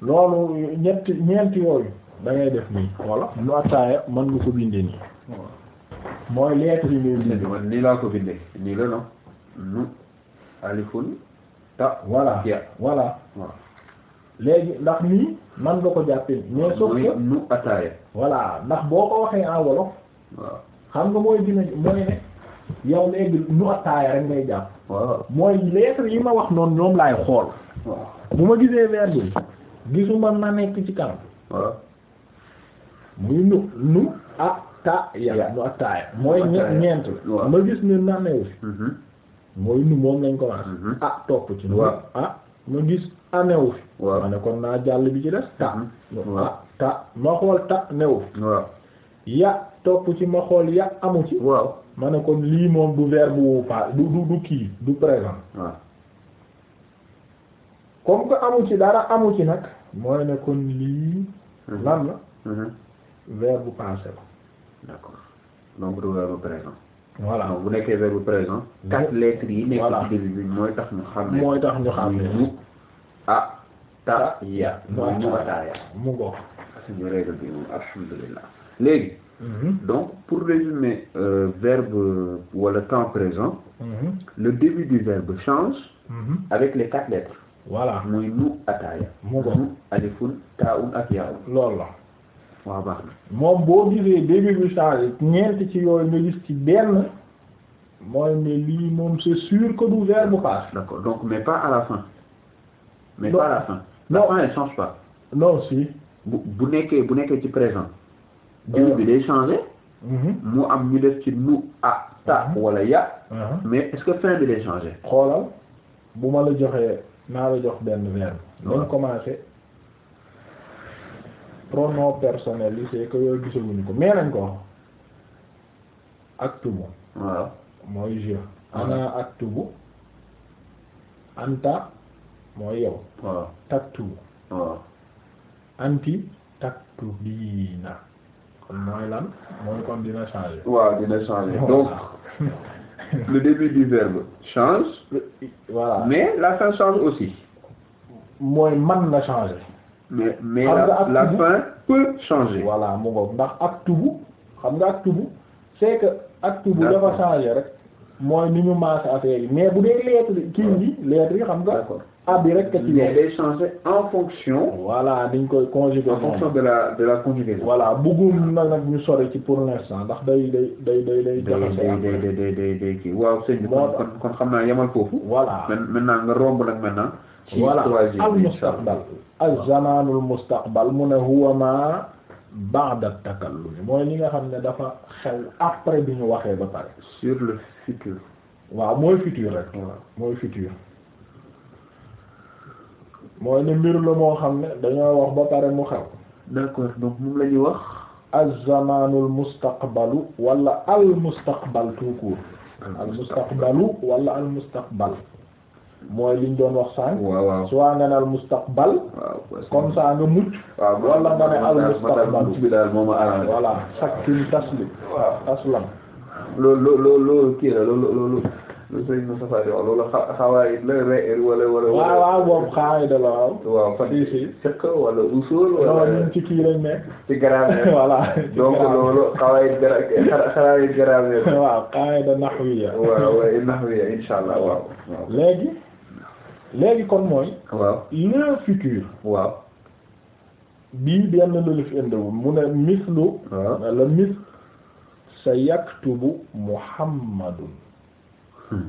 loolu ñetti ñeenti yooyu da ngay def nii walla lu attaaya mën nga ko bindee nii mooy lettre nii laa ko bindee nii la no nu alifun ta voilà voilà léegi ndax nii man nga ko jàppee mais sauf que nu attaaya voilà ndax boo ko waxee en wolof xam nga mooy dina mooy ne yow nu attaaya rek ngay jàpp mooy lettre yi ma wax noonu ñoom laay xool bu ma gisee verbe gisuma ma nekk ci kanam waaw muy nu nu a ta ya mooy ñeent ma gis ne na newu fi mooy nu moom lañ commencé ah topp ci nu ah ma gis a newu fi ma ne kon naa jàll bi ci des ta ah ta ma xool ta newu fi ya topp ci ma xool ya amu ci ma ne kon lii moom du verbe du du kii du présent comme que amu ci dara ci nag mooy ne kon lii mhm. lan la mhm. verbe passé la d'accord nombre verbe présent bu nekkee verbe présent quatre lettres yi nekk ci début bi mooy tax ñu xam ne mooy tax ñu xam ne mu ah ta ya mooy mu ataa ya mu gox suñu règle bi moom alhamdulillah léegi mhm. donc pour résumer euh, verbe wala temps présent le début du verbe change avec les quatre lettres voilà muy nu ataaya. mu ko nu alifun taawun ak yaawun. loolu la. waaw baax na moom boo gisee début bi changé ñeent ci yooyu nga gis ci benn mooy ne lii moom c'est sûr que du verbe bu passe. d'accord donc mais pas à la fin. mais non. pas à la fin. non la fin elle change pas. non si. bu bu nekkee bu nekkee ci présent. Euh. début bi day changé. Mm-hmm. mu am ñu def ci nu a ta mm-hmm. wala ya. Uh-huh. mais est-ce que fin bi day changé. xoolal bu ma la joxee. naa la jox benn verbe. waaw nañ commencé pronom personnel yi c'est que yooyu gisaguñu ko mais nañ ko wax aktubu. waaw mooy je. ana aktubu. anta mooy yow. waaw taktubu. waaw anti taktubiina. kon mooy lan mooy kon dina changer. waaw dina changer donc. [LAUGHS] [LAUGHS] le début du verbe change. voilà mais la fin change aussi. mooy mën na changer. mais mais la, la fin peut changer. voilà mu ngoog ndax acte bu xam nga acte bu c'est que acte bu dafa changer rek mooy ni ñu maase affaire yi mais bu dee lettre kii bi lettre yi xam nga. d'accord ab bi rek ci mais day changer en fonction. voilà dañ koy conjuguer. en fonction de la de la conjugaison. voilà bëggum na nag ñu sori ci pour l'instant ndax day day day day day. jaxase day day day day day kii waaw sëñ bi kon kon xam naa yemal foofu. voilà maintenant nga romb nag maintenant. ci voilà al mustaqbal al zamaanul mustaqbal mu ne huwa ma ba'da takallum mooy li nga xam ne dafa xel après bi ñu waxee ba pare. sur le futur. waaw mooy futur rek. mooy futur. mooy ne mbir la moo xam ne dañoo wax ba pare mu xew d'accord moom la ñuy wax az-zamanul mustaqbalu wala al mustaqbal tout court al mustaqbalu wala al mustaqbal mooy liñ doon wax sànq waaw waaw soit nga ne al mustaqbal comme ça nga mucc wala nga ne al mustaqbal voilà sakkin taslim taslam loolu loolu loolu lu sëñ Moussa Faye wax loolu xa xawaayit la re waaw waaw boobu xawaayit la waaw. waaw fan yii si fiqh wala ci kii nekk. ci grammaire [LAUGHS] loolu xawaayit gara xawaayit waaw qaida nahwiya. waaw waaw. [LAUGHS] léegi léegi kon mooy. waaw le futur. waaw. bii benn la lu fi indiwu mu ne mislu. waaw la mis. sayaktubu Muhammadun. Hmm.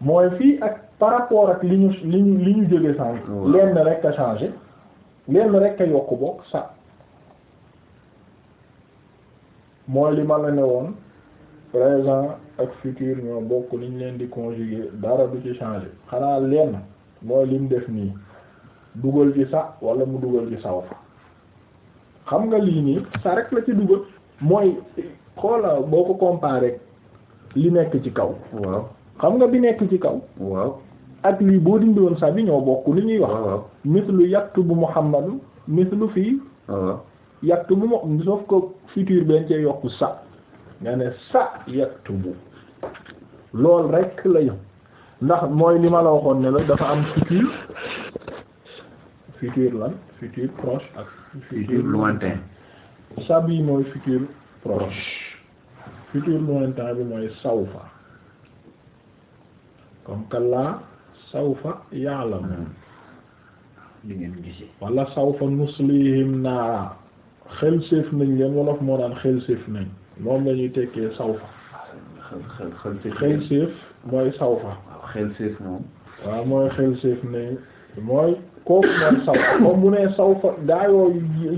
mooy fii ak par rapport ak li ñu li ñu li ñu jóge sànq lenn rek a changé lenn rek a yokk bokk sa mooy li ma ne woon présent ak futur ñoo bokk li ñu leen di conjuguer dara du ci changé xanaa lenn mooy li def nii dugal ci sa wala mu dugal ci saw xam nga lii nii sa rek la ci dugal mooy xoola boo ko comparé li nekk ci kaw. waaw xam nga bi nekk ci kaw. waaw ak lii boo dindi woon sax bi ñoo bokk li ñuy wax. waaw mislu yaktubu Muhammad mislu fii. waaw yaktubu moom sauf que futur benn cee yokk sa. nga ne sa yaktubu. loolu rek la ndax mooy li ma la waxoon ne la dafa am futur. futur lan futur proche ak. futur lointain. sab yi mooy futur proche. futur lointain bi mooy sawfa comme kallaa sawfa ya'lamun hmm. li ngeen gisee wala sawfa nuslihim naara xel séef nañ leen wolof moo daan xel séef nañ moom la ñuy tekkee sawfa xel séef mooy sawfa xel séef moom waaw mooy xel séef nañ mooy kooku noonu saw comme mu ne saw fa gaayoo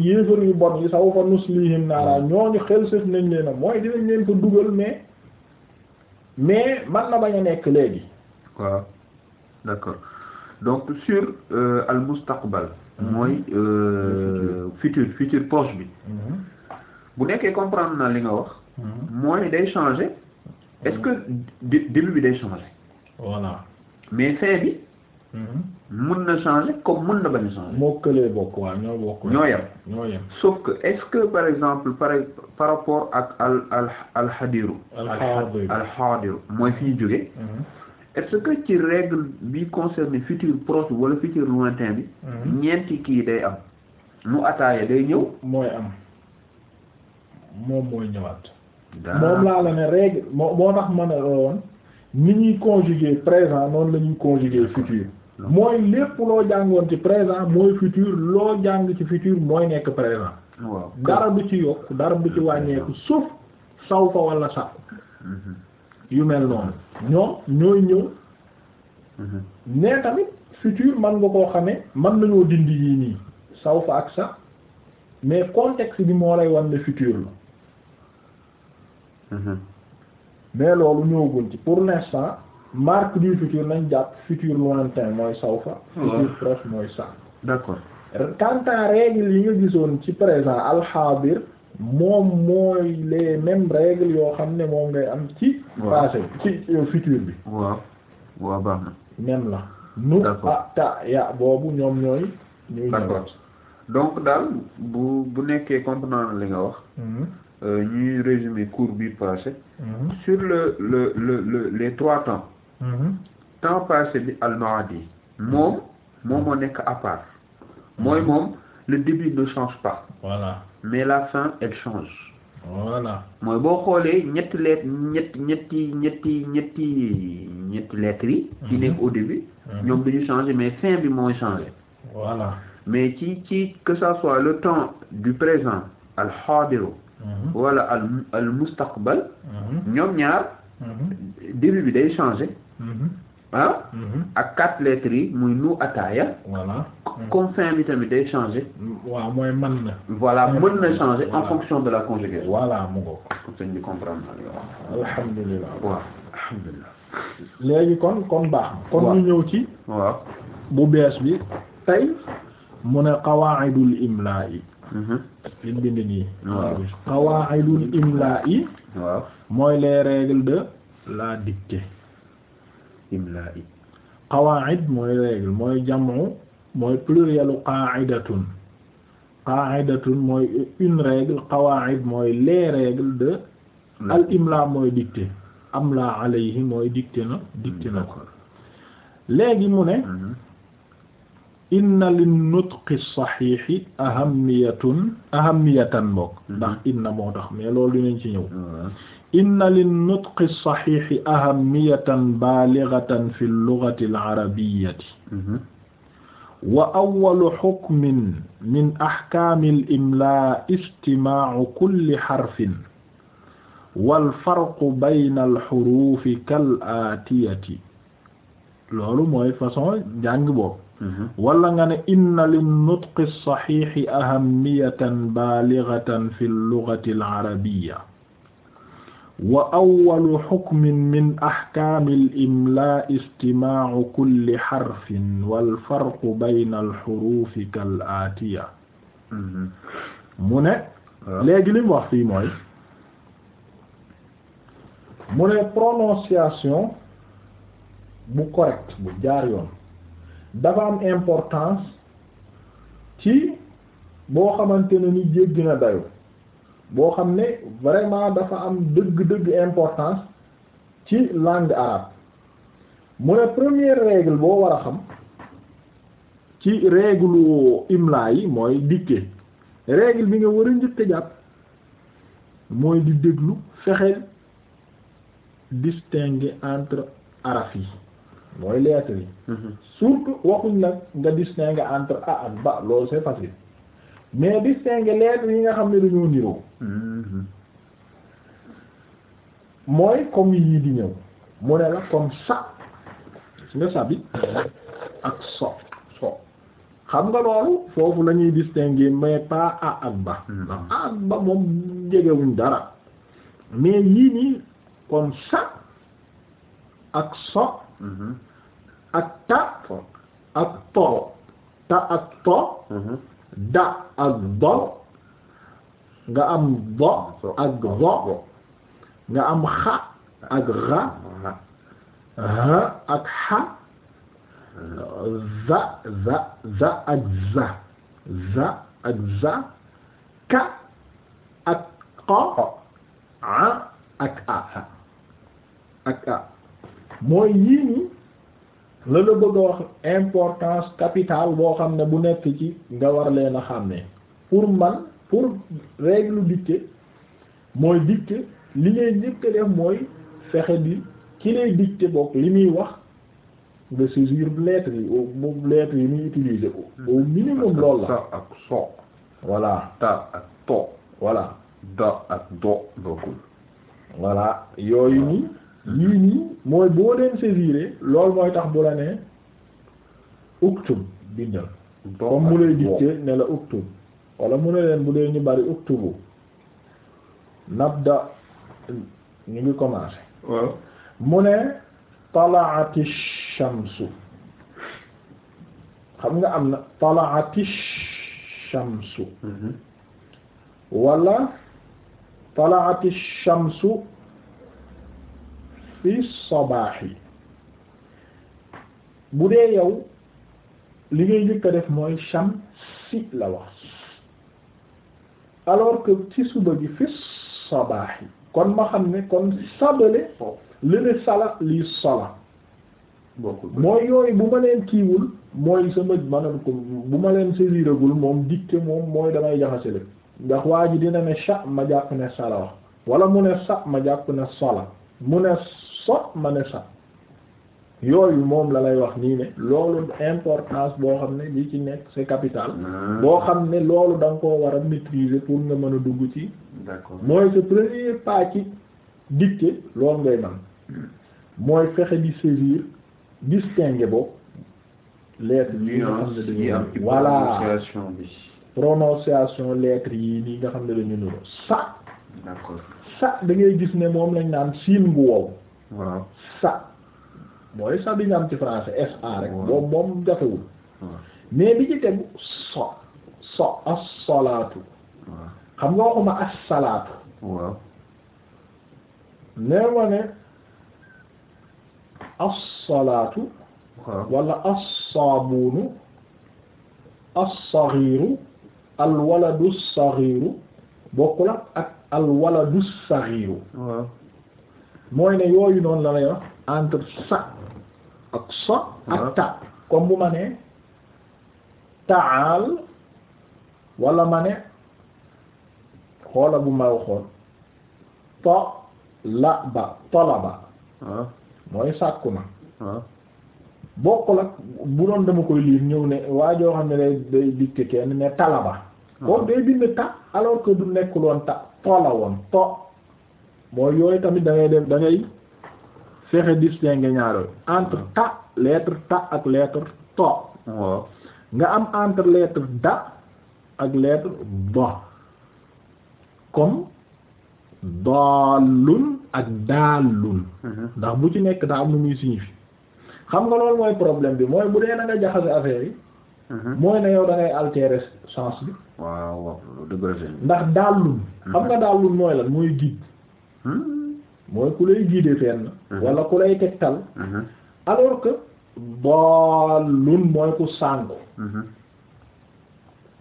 yéefar yu bon yi saw fa nuslihim naara ñooñu xel sëf nañ leen a mooy dinañ leen fa dugal mais mais man na bañ a nekk léegi waaw d'accord donc sur euh, al mustaqbal mm-hmm. mooy euh, futur futur proche bi mm-hmm. bu nekkee comprendre naa li nga wax mm-hmm. mooy day changer est-ce que début bi day changer voilà mais fin bi mën na changer comme mën na bañ changer. moo këlee bokk waaw ñoo bokk. ñoo yem ñoo yem sauf que est-ce que par exemple par par rapport ak al al alxadiru. alxadiru alxadiru mooy fi ñu jógee. Mm-hmm. est-ce que ci règle bi concerne futur proche wala futur lointain bi. Mm-hmm. ñeenti kii day am. mu ataaya day ñëw. mooy am moom mooy ñëwaat. moom laa la ne règle moo moo tax ma ne woon ni ñuy conjuguer présent noonu la ñuy conjuguer futur. mooy lépp loo jàngoon ci présent mooy futur loo jàng ci futur mooy nekk présent dara du ci yokk dara du ci wàññeeku suuf saw fa wala sax mhm. yu mel noonu ñoom ñooy ñëw mhm. ne tamit futur man nga koo xamee man nañoo dindi yii nii saw fa ak sax mais contexte bi moo lay wan ne futur la mhm. mais loolu ñëwagul ci pour l'instant marque du futur nañ jàpp futur lointain mooy sawfa futur proche mooy sa d'accord quant à règles yi nga gisoon ci présent alxaabir moom mooy les mêmes règles yoo xam ne moom ngay am ci passé ci euh, futur bi waaw waaw baax na même la nu ah ta ya boobu ñoom ñooy ñuy d'accord donc daal bu bu nekkee comprendre li nga wax mhm. euh, ñuy résumer cours bi passé mhm. sur le le le le les trois temps Mhm. temps passé bi almaadi moom moom moo nekk à part mooy moom le début ne change pas. mais la fin elle change. voilà mooy boo xoolee ñetti lettres ñetti ñetti ñetti ñetti ñetti lettres yi. ci mhm. nekk au début. Mhm. ñoom dañu changer mais fin bi mooy changer. voilà mais ci ki que ça soit le temps du présent al xaadiru. wala al al mustaqbal. ñoom ñaar. début bi day changer. Mm-hmm. ah. Mm-hmm. ak quatre lettres yi muy nu ataaya. voilà consonne bi tamit day changer. Mm, waaw mooy mën na. voilà mën na changer en fonction de la conjugaison. voilà mu ngoog. pour que ñu comprendre waaw. alhamdulilah waaw alhamdulilah. léegi kon kon baax. kon ñu ñëw ci. waaw bu bees bi. tey mu ne qawaa'idul imlaa yi. Mm-hmm. li bind nii. waaw qawaa'idul imlaa yi. waaw mooy les règles de la dictée. istimlaa'i qawaa'id mooy règle mooy jamu mooy plurielu qaa'idatun qaa'idatun mooy une règle qawaa'id mooy les règles de al imla mooy dictée amla alayhi mooy dictée na dictée na ko léegi mu ne mhm. inna lin nutqi saxiixi ahamiyatun ahamiyatan mbokk mhm. ndax inna moo tax mais loolu dinañ ci ñëw inna linnutqi saxiixi ahamiyatan baalighatan fi llugati alcarabiyyati mm-hmm. wa awwalu xukmin min axkaami limlaa ijtimaacu kulli xarfin walfarqu bayna alxurufi kal aatiyati loolu mooy façon jàng boobu mm-hmm. wala nga ne inna linnutqi saxiixi ahamiyatan baalighatan fi llugati alcarabiyya wa awwalu xukmin min axkaamil imlaa istimaacu kulli xarfin wal farqu bayna al xuruufi kal aatiya. mu ne. léegi li mu wax fii mooy. mu ne prononciation bu correct bu jaar yoon dafa am importance ci boo xamante ne ni jéggi na dayo boo xam ne vraiment dafa am dëgg-dëgg importance ci land arabe mu ne première règle boo war a xam ci règle imla yi mooy dikke régle bi nga war a njëkk a jàpp mooy di déglu fexeel distinguer entre araf yi mooy lettre yi mm-hmm. surtout waxuñ nag nga distinguer entre a ak ba loolu c'est facile mais distinguer lettres yi nga xam ne dañoo niroo mhm. mooy comme yi di ñëw mu ne la comme sa su nga sabi ak so so xam nga loolu foofu lañuy ñuy distinguer mais pas a ak ba mhm. a ak ba moom jegewuñ dara mais yii nii comme sa ak so mhm. ak ta ak to ta ak to da ak do nga am do ak zo nga am xa ak ra ha ak xa za za za ak za za ak za ka ak qa a ak a ak a mooy yii la la bëgg a wax importance capitale boo xam ne bu nekk ci nga war leen a xàmmee pour man pour règle dictée mooy dictée li ngay njëkk a def mooy fexe di ki lay dictée bokk li muy wax nga saisir lettres yi yi muy utiliser ko. au mm-hmm. minimum lool la ak so. wala ta ak to. voilà da ak do bokkul. voilà yooyu nii. lii nii mooy boo leen saisiré loolu mooy tax bu la ne uktub bindal comme mu lay dicté ne la uktub wala mu ne leen bu dee ñu bari uktubu nabda ñu ngi commencé waaw mu ne talaati shamsu xam nga am na talaati shamsu mhm. wala talaati shamsu fi sabaahi bu dee yow li ngay njëkk a def mooy sham si la wax alors que ci suba gi fi sabaahi kon ma xam ne kon sabale lene sala li sola mooy yooyu bu ma leen kiiwul mooy sama manam bu ma leen saisiragul moom dicté moom mooy damay jaxase lépp ndax waa ji dina ne sha ma jàpp ne sala wax wala mu ne sa ma jàpp ne sola mu ne so ma ne sa yooyu moom la lay wax nii ne loolu importance boo xam ne li ci nekk c'est capital ah, boo xam ne loolu da nga koo war a maîtriser pour nga mën a dugg ci d'accord mooy sa premier pas ci dictée loolu ngay man hmm. mooy fexe di saisir distinguer boobu lettre yi nga xam ne dañu am voilà bi prononciation lettre yi nii nga xam ne dañu nuro sa d'accord sa dangay gis ne moom lañ naan siin gu wow waaw sa mooy sa bi ñu am ci français sa rek boobu moom jafewul mais bi ci tegu so so as-salaatu xam nga waxuma as-salaatu nee ma ne as-salaatu wala as-saabuunu as-saxiiru al-waladu as-saxiiru bokkul ak al-waladu as-saxiiru mooy ne yooyu noonu la la wax entre sa ak so ak ta comme bu ma ne taal walla ma ne xoola bu ma waxoon to la ba tolaba ah. mooy sàkku na ah. bokkul ak bu doon dama koy liir ñëw ne waa joo xam ne day day dikk kenn ne talaba ah. ko day bind ta alors que du nekkuloon ta tola woon to mooy yooyu tamit dangay ngay def da ngay fexe distinguer ñaar yooyu entre ta lettre ta ak lettre to nga am entre lettre da ak lettre do comme daalun ak daalun mhm. ndax bu ci nekk daa am lu muy signifie xam nga loolu mooy problème bi mooy bu dee na nga jaxase affaire yi mhm. mooy ne yow da ngay altérer sens bi waaw waaw ndax daalun xam nga mhm. daalun mooy lan mooy guide mooy ku lay guider fenn mhm. wala ku lay tegtal mhm. alors que dallun mooy ku sànku mhm.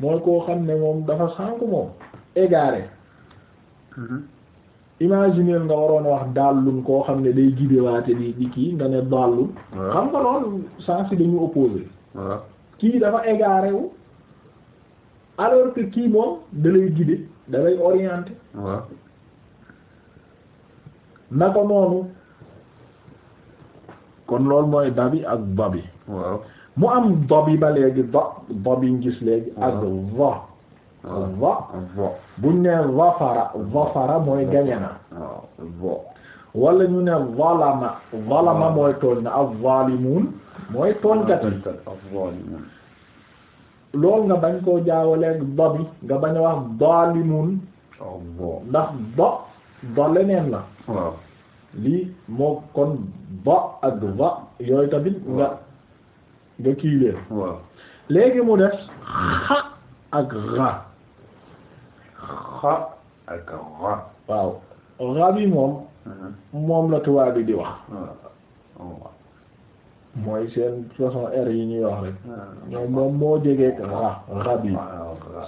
mooy koo xam ne moom dafa sànku moom égaré imaginer nga waroon a wax dallun koo xam ne day guider waate di di kii nga ne dallun xam nga loolu sens dañu opposé kii dafa égaré wu alors que kii moom da lay guider da lay na ko kon loolu mooy dabi ak dabi mu am dabi ba léegi da ngis léegi ak va va buñ ne vafara vafara mooy gañe na waaw ñu ne zalama zalama mooy tooñ na az-zalimun mooy tooñkat yi az nga bañ koo jaawaleeg dabi nga bañ wax zalimun ndax do leneen la waaw lii moo kon ba ak va yooyu nga nga kii leen léegi mu def xa ak xa ak ra waaw ra bi moom mhm. moom la tubaab bi di wax oh, mooy seen façon r yi ñuy wax rek ah, moom moo jege ra ra bi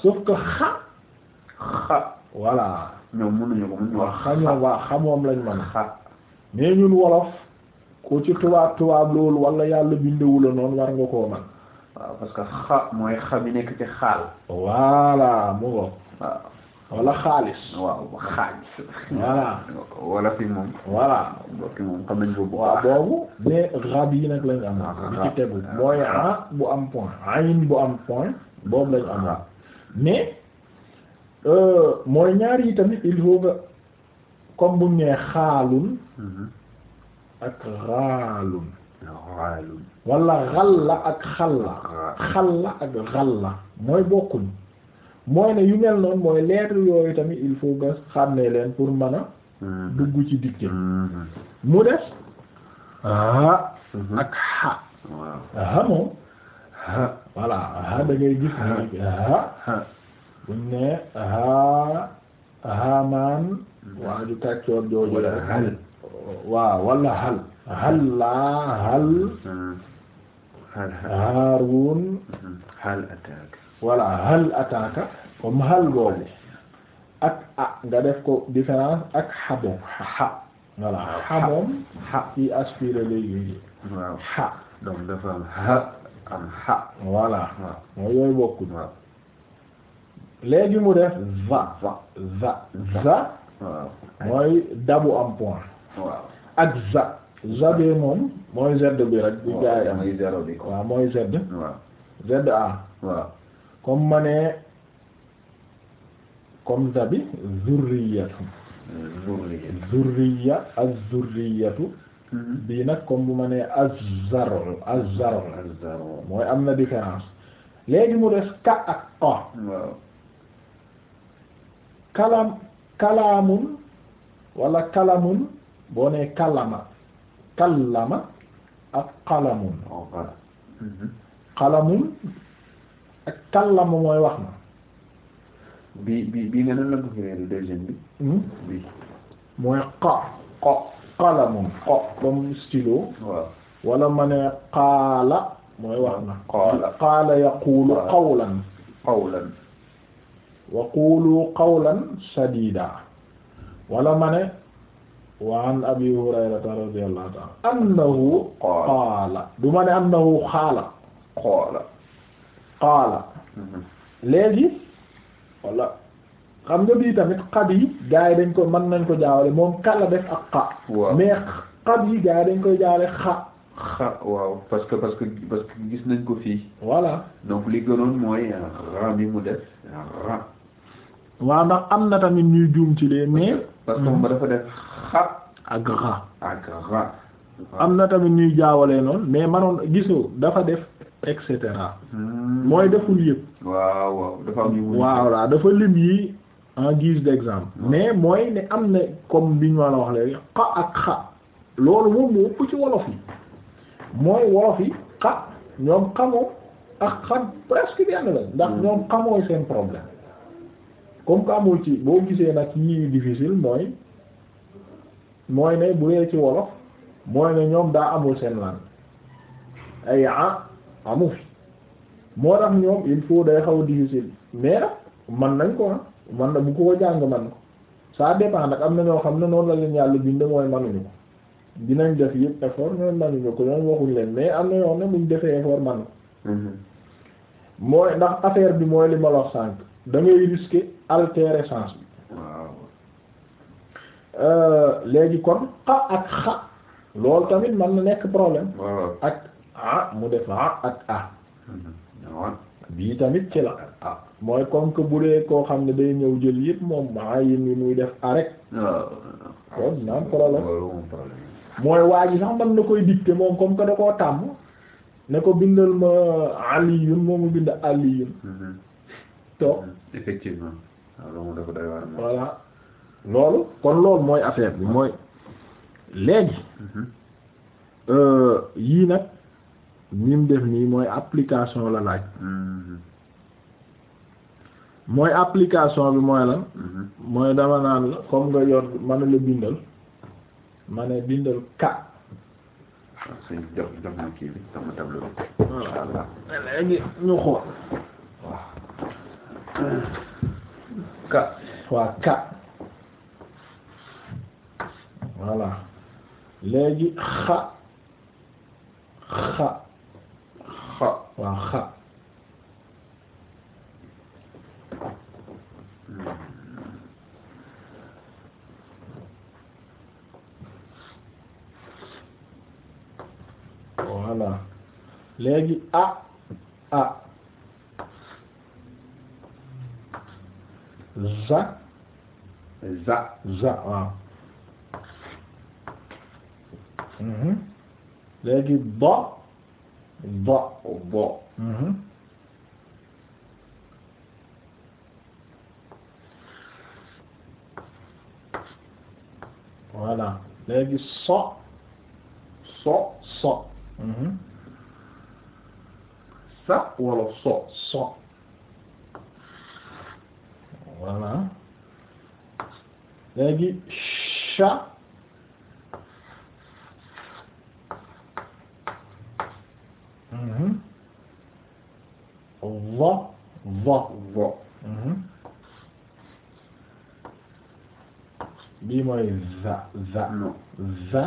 sauf que xa xa voilà ñoom mënuñu ko mënuñu wax xamoom lañ man xa mais ñun wolof ku ci tubaab tubaab loolu wala yàlla bindewu la noonu war nga koo man waaw parce que xa mooy xa bi nekk ci xaal voilà mu ngo waaw waaw boobu mais rab yi nag lañ am li ah, ci tegu mooy a ah. bu am point ayin bu am point boobu lañ am ah. mais Euh, mooy ñaar yi tamit il faut nga comme bu ñu nee xaalun mhm. ak xaalun xaalun wala xalla ak xalla xalla ak xalla mooy bokkuñ mooy ne yu mel noonu mooy lettre yooyu tamit il faut nga xàmmee leen pour mën a mhm. dugg ci dictée mhm. mu def ak xa moom voilà ha da ngay gis ha buñ ne haa haamaan waaju kàccoor jooju la hal waaw wala hal hal laa hal haaruun hal ataaka wala hal ataaka comme hal boobu ak a nga def ko différence ak xaboom xa wala xamoom xa ci aspiré léegi waaw ha ha voilà mooy yooyu léegi mu def za za za za mooy dabu am point ak za za bee moom mooy z bi rek bu am mooy z a waaw comme ma ne comme dabi zurriyatu zurriya ak mhm. bii nag comme bu ma nee azzar azzar mooy am na différence léegi mu des ka ak o kalam kalaamun wala kalamun boo nee kalama kallama ak qalamun o oh, qala mm-hmm. qalamun ak kallama mooy wax na bi bi bi nga nan la dufiree deuxième bi hmm? bi mooy qa qa qalamun qa comme stylo wala ma ne qaala mooy wax na qaala yaquulu qawlan qawlan wa qulu qawlan sadida wala ma ne wa an abi hurayrata radiyallahu ta'ala qaala du ma ne annahu xaala qaala qaala mhm. léegi wala xam nga bi tamit xad yi gars yi dañ ko mën nañ ko jaawale moom kala def ak xa mais xad yi gars yi dañ koy jaawale xa xa waaw parce que parce que parce gis nañ ko fii voilà donc li gënoon mooy euh, ram yi mu def waaw ndax am na tamit ñuy juum ci lee mais. parce moom dafa def xa. ak xa ak xa. am na tamit ñuy jaawale noonu mais manoon gisoo dafa def et cetera. Hmm. mooy deful yëpp. waaw waaw dafa am dafa lim yi en guise d'exemple. Hmm. mais mooy ne am na comme biñ ñu ma wax léegi xa ak xa. loolu moom moo ëpp ci wolof yi mooy wolof yi xa ñoom xamoo ak xam presque benn la ndax hmm. ñoom xamooy seen problème. comme que amul ci boo gisee nag yii difficile mooy mooy ne bu dee ci wolof mooy ne ñoom daa amul seen lan ay ah amu fi moo tax ñoom il faut day xaw a difficile mais nag man nañ ko ah, man na bu ko ko jàng man ko ça dépend nag am na ñoo xam ne noonu la leen yàlla bind mooy manuñu ko dinañ def yëpp effort ñoom manuñu ko ñoom waxuñ leen mais am na ñoo xam ne muñ defee effort man ko mhm. mooy ndax affaire bi mooy li ma la wax sànq da altérer bi euh, léegi kon xa ak xa loolu tamit mën na nekk problème ak a mu def a ak a bii tamit ci la ah mooy comme que bu dee koo xam ne day ñëw jël yëpp moom maa yi ni muy def a rek kon na am problème mooy waa ji sax mën na koy dicter moom comme que da koo tàmm ne ko bindal ma aliyun moomu bind aliyun mhm. toog mhm. effectivement voilà loolu kon loolu mooy affaire bi mooy léegi mhm. euh, yii nag ñim def nii mooy application la laaj mhm. mooy application bi mooy lan mhm. mooy dama naan la comme nga yor ma la bindal ma bindal ka ah, ka waa ka voilà léegi xa xa xa waa xa voilà léegi a a za za za waaw mhm. léegi do do do voilà léegi so so so mhm. sa wala so so voilà léegi cha va va va bii mooy za za za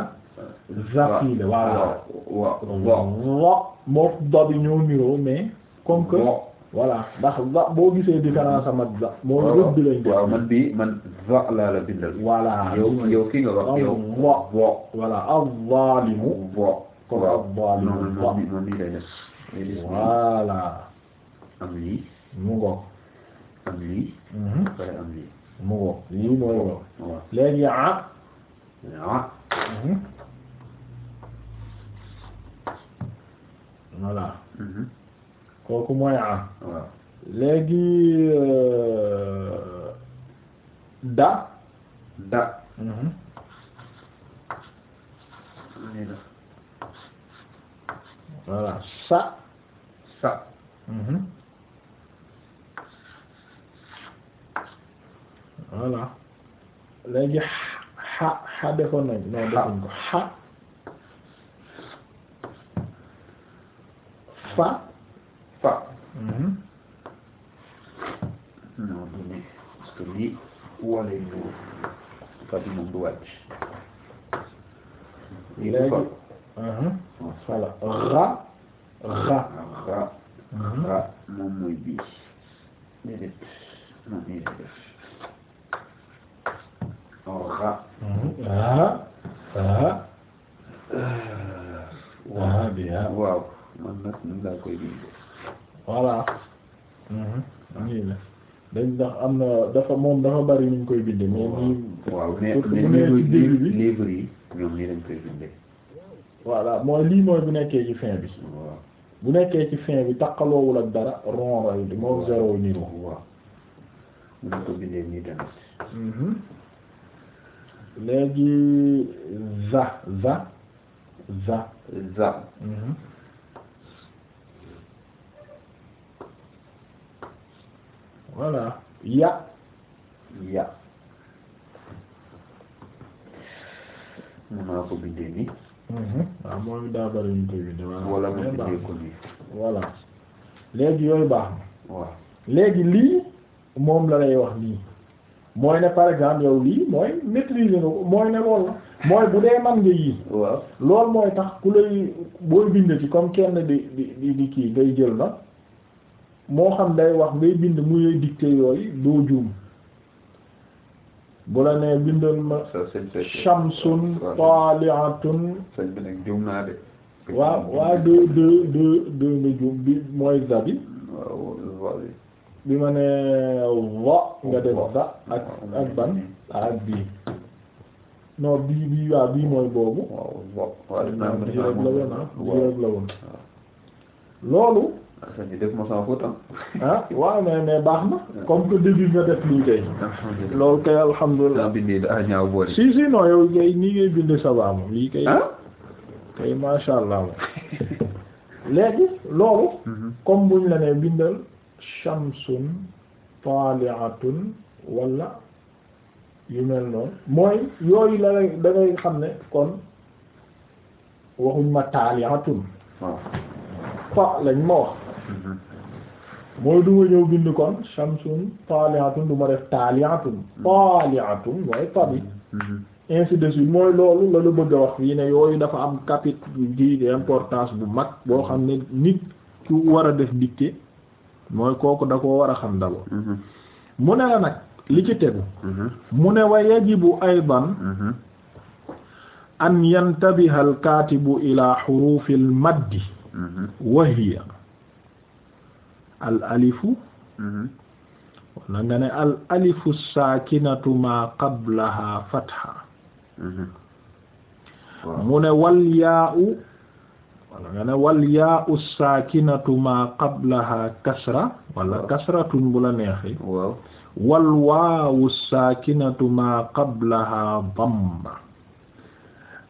za fii la voilà wa wa moo da bi ñoo niroo mais comme que voilà ndax za boo gisee différence am ak za. moo rëdd lañ def waaw man bii man za laa la bindal. voilà yow yow kii nga wax yow. vo vo voilà az-zalimu. vo kon az-zalimu. non non non lay def. voilà. am lii. mu ngoog. am lii. Mhm. pare am lii. mu ngoog lii mooy ngoog. waaw léegi ah. ah. Mhm. voilà. kooku mooy am léegi euh, da mhm. da voilà sa sa mhm. voilà léegi xa xa defoon nañ non defuñ fa pas. non ni kusudi wale ndio kati mundu waje ilaji sala ra ra ra ra moom mooy bii déedéet non nii la def ra ra ra waaw waaw man nag nu laa koy bindee voilà mhm. dañ ndax am na dafa moom dafa bari ñu koy bindee. mais waaw nii lañ koy bindee. voilà mooy lii mooy bu nekkee ci fin bi. bu nekkee ci fin bi takkaloowul ak dara rond lay moom zéro nii waaw ñu ko bindee nii tamit. Mhm. léegi za za za za. Mhm. voilà ya ya maa ko bindee nii waaw mhm. ah, moom daa bari ñu koy bindee wala mu bindee ko nii voilà léegi yooyu baax na waaw léegi lii moom la lay wax nii mooy ne par exemple yow lii mooy maîtriser na ko mooy ne lool mooy bu dee man nga yii waaw loolu mooy tax ku lay booy bind ci comme kenn di di di kii ngay jël na moo xam day wax ngay bind mu ngay dicté yooyu doo juum bu la nee bindal ma shamsun tali'atun sëñ waaw waaw deux deux deux deux nga juum bi mooy zabi bi ma nee wa nga def da ak ban ak bii non bii bii waaw bii mooy boobu loolu sëñ bi def ma baax na ah. comme que début nga def lii kay loolu alhamdulilah si si non yow kay nii ngay binde sa baax moom lii kay ah? kay masha allah moom [LAUGHS] léegi loolu mm-hmm. comme buñ la nee bindal shamsun tali'atun wala yu mel mooy yooyu la da ngay xam ne kon waxuñ ma tali'atun waaw fa lañ ma wax Mm-hmm. mooy du ma ñëw bind kon shamsun taliatun du def taliatun taliatun mooy tabi ainsi de suite mooy loolu la la bëgg a wax fii ne yooyu dafa am capital di importance bu mag boo xam ne nit ku war a def dictée mooy kooku da ko war a xam d'abord mm-hmm. mu ne la nag li ci tegu mm-hmm. mu ne wa yajibu aydan an yantabiha al ila xurufi al maddi al alifu mm-hmm. wala nga ne al alifu saakinatu ma qablaha fatha mm-hmm. mu ne wal yaa u wala nga ne wal yaa u saakinatu ma qablaha kasra wala kasratun bu la neexee wal waawu saakinatu ma qablaha damma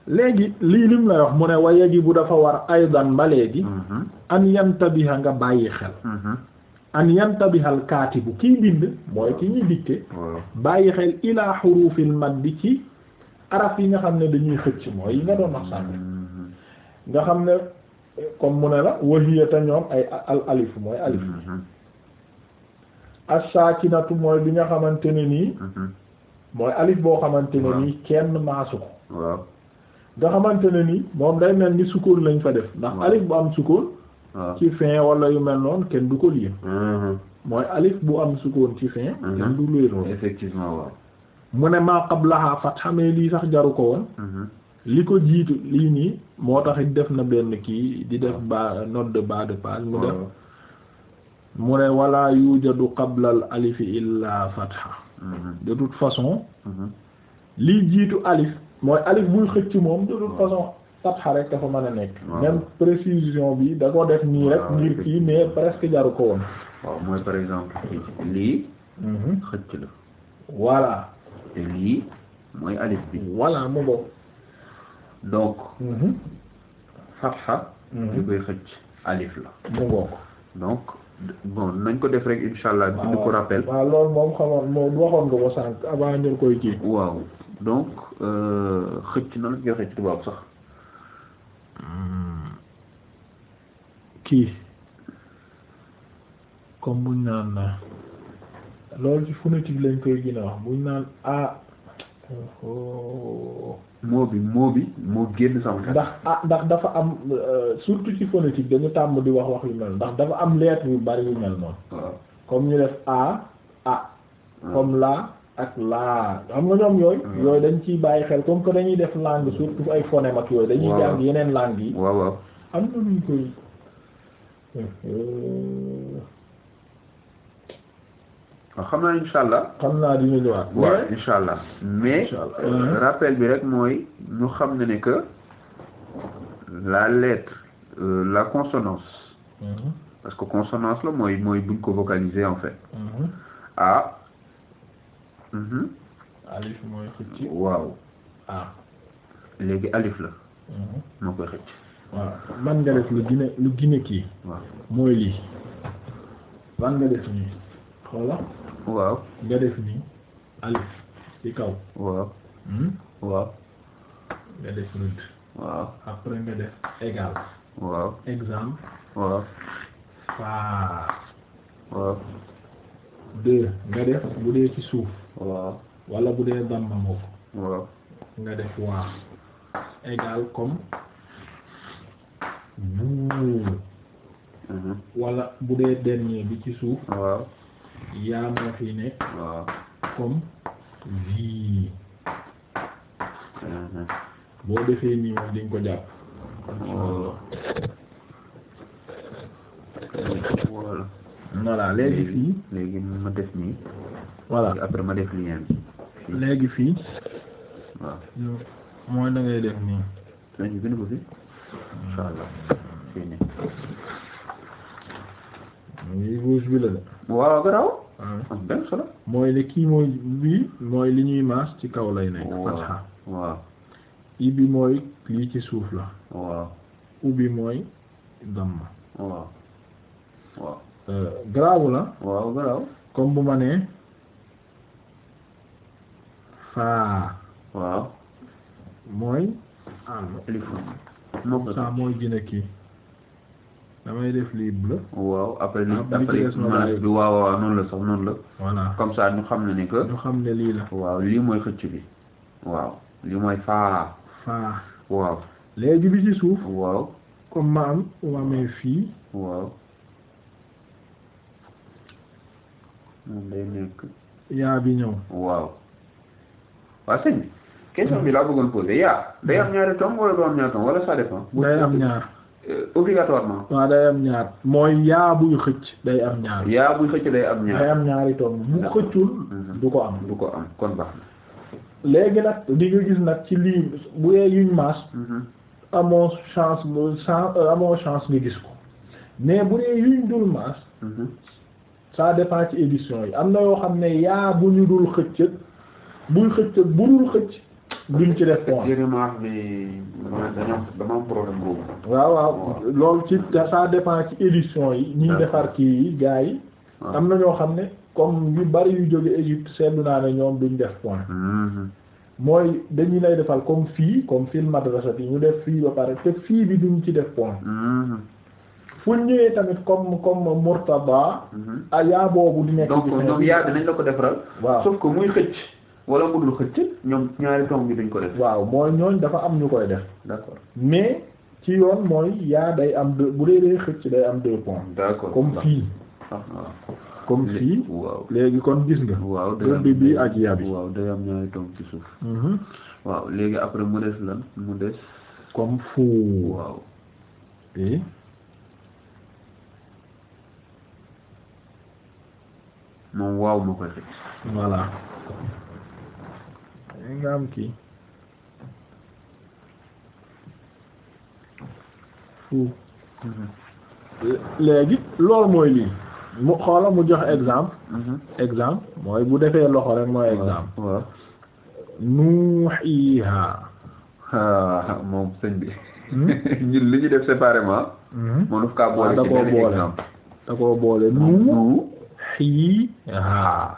léegi lii lim la wax mu ne wa yajibu dafa war aydan ba léegi mhm. an yantabiha nga bàyyi xel mhm. an yantabihal kaatibu kiy bind mooy ki ñuy dicté bàyyi xel ilaa xurufil maddi ci arab yi nga xam ne dañuy xëcc mooy yi nga doon wax sànq mhm. nga xam ne comme mu ne la te ñoom ay al alif mooy alif as mooy bi nga xamante ne nii mooy alif boo xamante nii kenn maasu ko daxamante xamante ne ni moom day mel ni sukkoon lañ fa def ndax alif bu am sukkoon ci fin wala yu mel noonu kenn du ko liir mm-hmm. mooy alif bu am sukkoon ci fin mm-hmm. kenn du liir effectivement waaw mu ne maa qablaha fatha mais lii sax jaru ko woon mm-hmm. li ko jiitu lii nii moo tax it def na benn kii di def ba note de bas de page mu def mu ne wala yujadu qabla alifi illa fatha de toute façon li jiitu alif mooy alif buy xëcc moom de toute façon fatxa rek dafa mën a nekk même précision bi da ko def nii rek ngir kii mais presque jaru ko woon waaw mooy par exemple lii mhm. xëcc la voilà te lii mooy alif bi voilà mu bokk donc mhm. fatxa mhm. li koy xëcc alif la mu bokk donc bon nañ ko def rek inshallah bind ko rappel waaw loolu moom xamoon moom waxoon ko sànq avant ñu koy kii waaw donc euh, xëcc na lu ñu waxee tubaab sax kii comme buñ naan loolu ci phonétique lañ koy gën a wax muñ naan a moo bi moo bi moo génn sama ndax a ndax dafa am euh, surtout ci phonétique dañu tàmm di wax wax yu mel ndax dafa am lettre yu bari yu mel noonu comme ñu def a a comme la ak la xam nga ñoom yooyu. Ah. yooyu dañ ciy bàyyi xel comme que dañuy def langue surtout ay phonème ak yooyu. dañuy jàng yeneen langue yi. waaw waaw am na ñu koy. waaw ah, xam naa insha allah. xam naa dina ñëwaat. waaw insha allah mais. Euh, uh-huh. rappel bi rek mooy ñu xam ne ne que la lettre euh, la consonance. Mm -hmm. parce que consonance la mooy mooy buñ ko vocaliser en fait. Mm -hmm. ah. Mhm. alif mooy xëcc. waaw. ah. léegi alif la. Mhm. moo koy xëcc. waaw man nga def lu gine lu gine kii. waaw mooy lii. man nga def nii. waaw nga def nii. alif ci kaw. waaw. Hmm? waaw. nga def rëdd. waaw après nga def égal. waaw exemple. waaw. waaw. deux nga def bu dee ci suuf. waaw wala bu dee damma moom. waaw nga def waa égal comme buur. Mhm. wala bu dee dernier bi ci suuf. waaw yaa moo fi ne. waaw comme vie. Mhm. boo defee nii moom di ko jàpp. voilà léegi fii léegi ma def nii. voilà après ma léegi fii. mooy da def nii. léegi bind la de. waaw garaaw. mooy ne kii mooy bii mooy li ñuy maas ci kaw lay nekk. waaw i bi mooy lii ci suuf la. waaw. u mooy damma. waaw. Euh, garaawu la waaw garaaw comme bu ma nee faa waaw mooy moom saa mooy gën a kii damay def lii bleu waaw après li après manage bi waaw waaw noonu la sax noonu la voilà comme ça ñu xam ne ni que ñu xam ne lii la waaw lii mooy xëcc bi waaw lii mooy faa faa waaw léegi bi ci suuf waaw comme ma am wamee fii waaw Ah, day yaa bi ñëw. waaw. waa sëñ bi question bi laa bëggoon poser am ñaari tom wala du am ñaari tom wala ça dépend. day am ñaar. Euh, obligatoirement. day am ñaar mooy yaa buy xëcc day am ñaar. yaa buy xëcc day am ñaar. day am ñaari tom bu xëccul. Mhm. du ko am du ko am kon baax léegi nag di nga gis nag ci lii bu yee yuñ maas. Mhm. amoo chance euh, amoo chance nga gis ko mais bu dee yuñ dul maas. Mhm. ça dépend ci édition yi am na yoo xam ne yaa bu ñu dul xëccëg buy xëccëg bu dul xëcc duñ ci def point. bi dama waaw waaw loolu ci ça dépend ci édition yi. ñu defar kii yi gars yi. am na ñoo xam ne comme yu bari yu jóge Égypte seetlu naa ne ñoom duñ def point. Mm-hmm. mooy dañu lay defal comme fii comme film madrasat yi ñu def fii ba pare te fii bi duñ ci def point. Mm-hmm. fu ñëwee tamit comme comme mortaba mhm. ah yaa boobu di nekk. donc ñoom yaa dinañ la ko defaral. waaw sauf ko muy xëcc. wala mu dul xëcc. ñoom ñaari tomb bi dañ ko def. waaw mooy ñooñ dafa am ñu koy def. d'accord mais ci yoon mooy yaa day am deux bu dee dee xëcc day am deux points. d'accord comme fii. Ah, ah. comme fii. waaw léegi kon gis nga. waaw day am bi ak yaa bi. waaw day am ñaari ci suuf. Mhm. waaw léegi après mu des lan mu des. comme fu. waaw. Eh? moom waaw ma koy fekk voilà am kii mm-hmm. léegi loolu mooy lii mu xoola mu jox exemple mm-hmm. exemple mooy bu defee loxo rek mooy exemple waaw nuuxiiha moom sëñ bi hmm? [LAUGHS] ñun li ñu def séparément moom daf kaa boole ah, da koo boole da koo boole nuu yi haa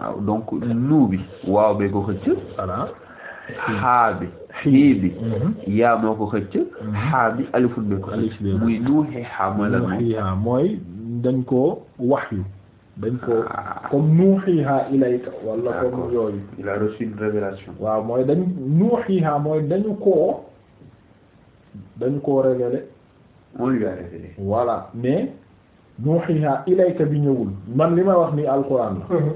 waaw donc lu bi waaw bee ko xëcc xaa bi xii bi mhm. yaa moo ko xëcc xaa mhm. bi alifut bee ko xëcc muy nuuxi xaa mooy lan moom mooy dañ ko waxyu dañ ko comme nuuxiiha ilayka wala comme yooyu waaw mooy dañ nuuxiiha mooy dañu koo dañu koo révélé on lui a mais nuuxiha ilayka bi ñëwul man li ma wax nii alquran la mhm.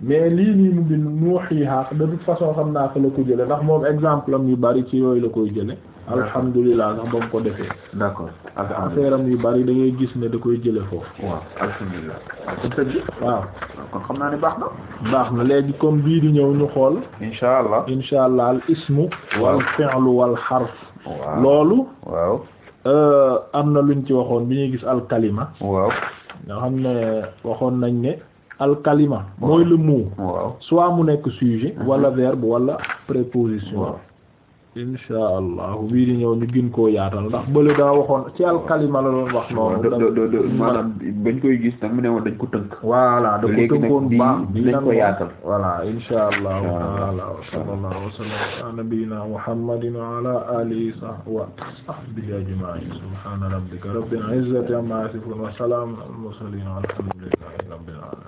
mais lii nii mu bind nuuxiha de toute façon xam naa fa la ko jële ndax moom exemple am yu bari ci yooyu la koy jële alhamdulilah ndax ba mu ko defee d'accord affaire am yu bari dangay gis ne da koy jële foofu waaw alhamdulilah waaw kon xam naa ne baax na baax na léegi comme bii di ñëw ñu xool insha allah insha allah al ismu wal fi'lu wal xarf loolu waaw Euh, am na lu luñ ci waxoon bi ñuy gis alkalima waaw nga xam ne waxoon nañ ne alkalima mooy le mot waaw soit mu nekk sujet mhm. wala verbe wala préposition insha allahu bii di ñëw ñu gën koo yaatal ndax bële daa waxoon ci alkalima la doon wax noonu maanaam bañ koy gis nag mu ne woon dañ ko tënk voilà da ko tënkoon baax bi ko yaatal voilà insha allahu taala wa sallallahu wa sallam ala nabiyyina muhammadin wa ala alihi wa sahbihi ajma'in subhana rabbika rabbil izzati amma yasifun wa salamun al mursalin walhamdulillahi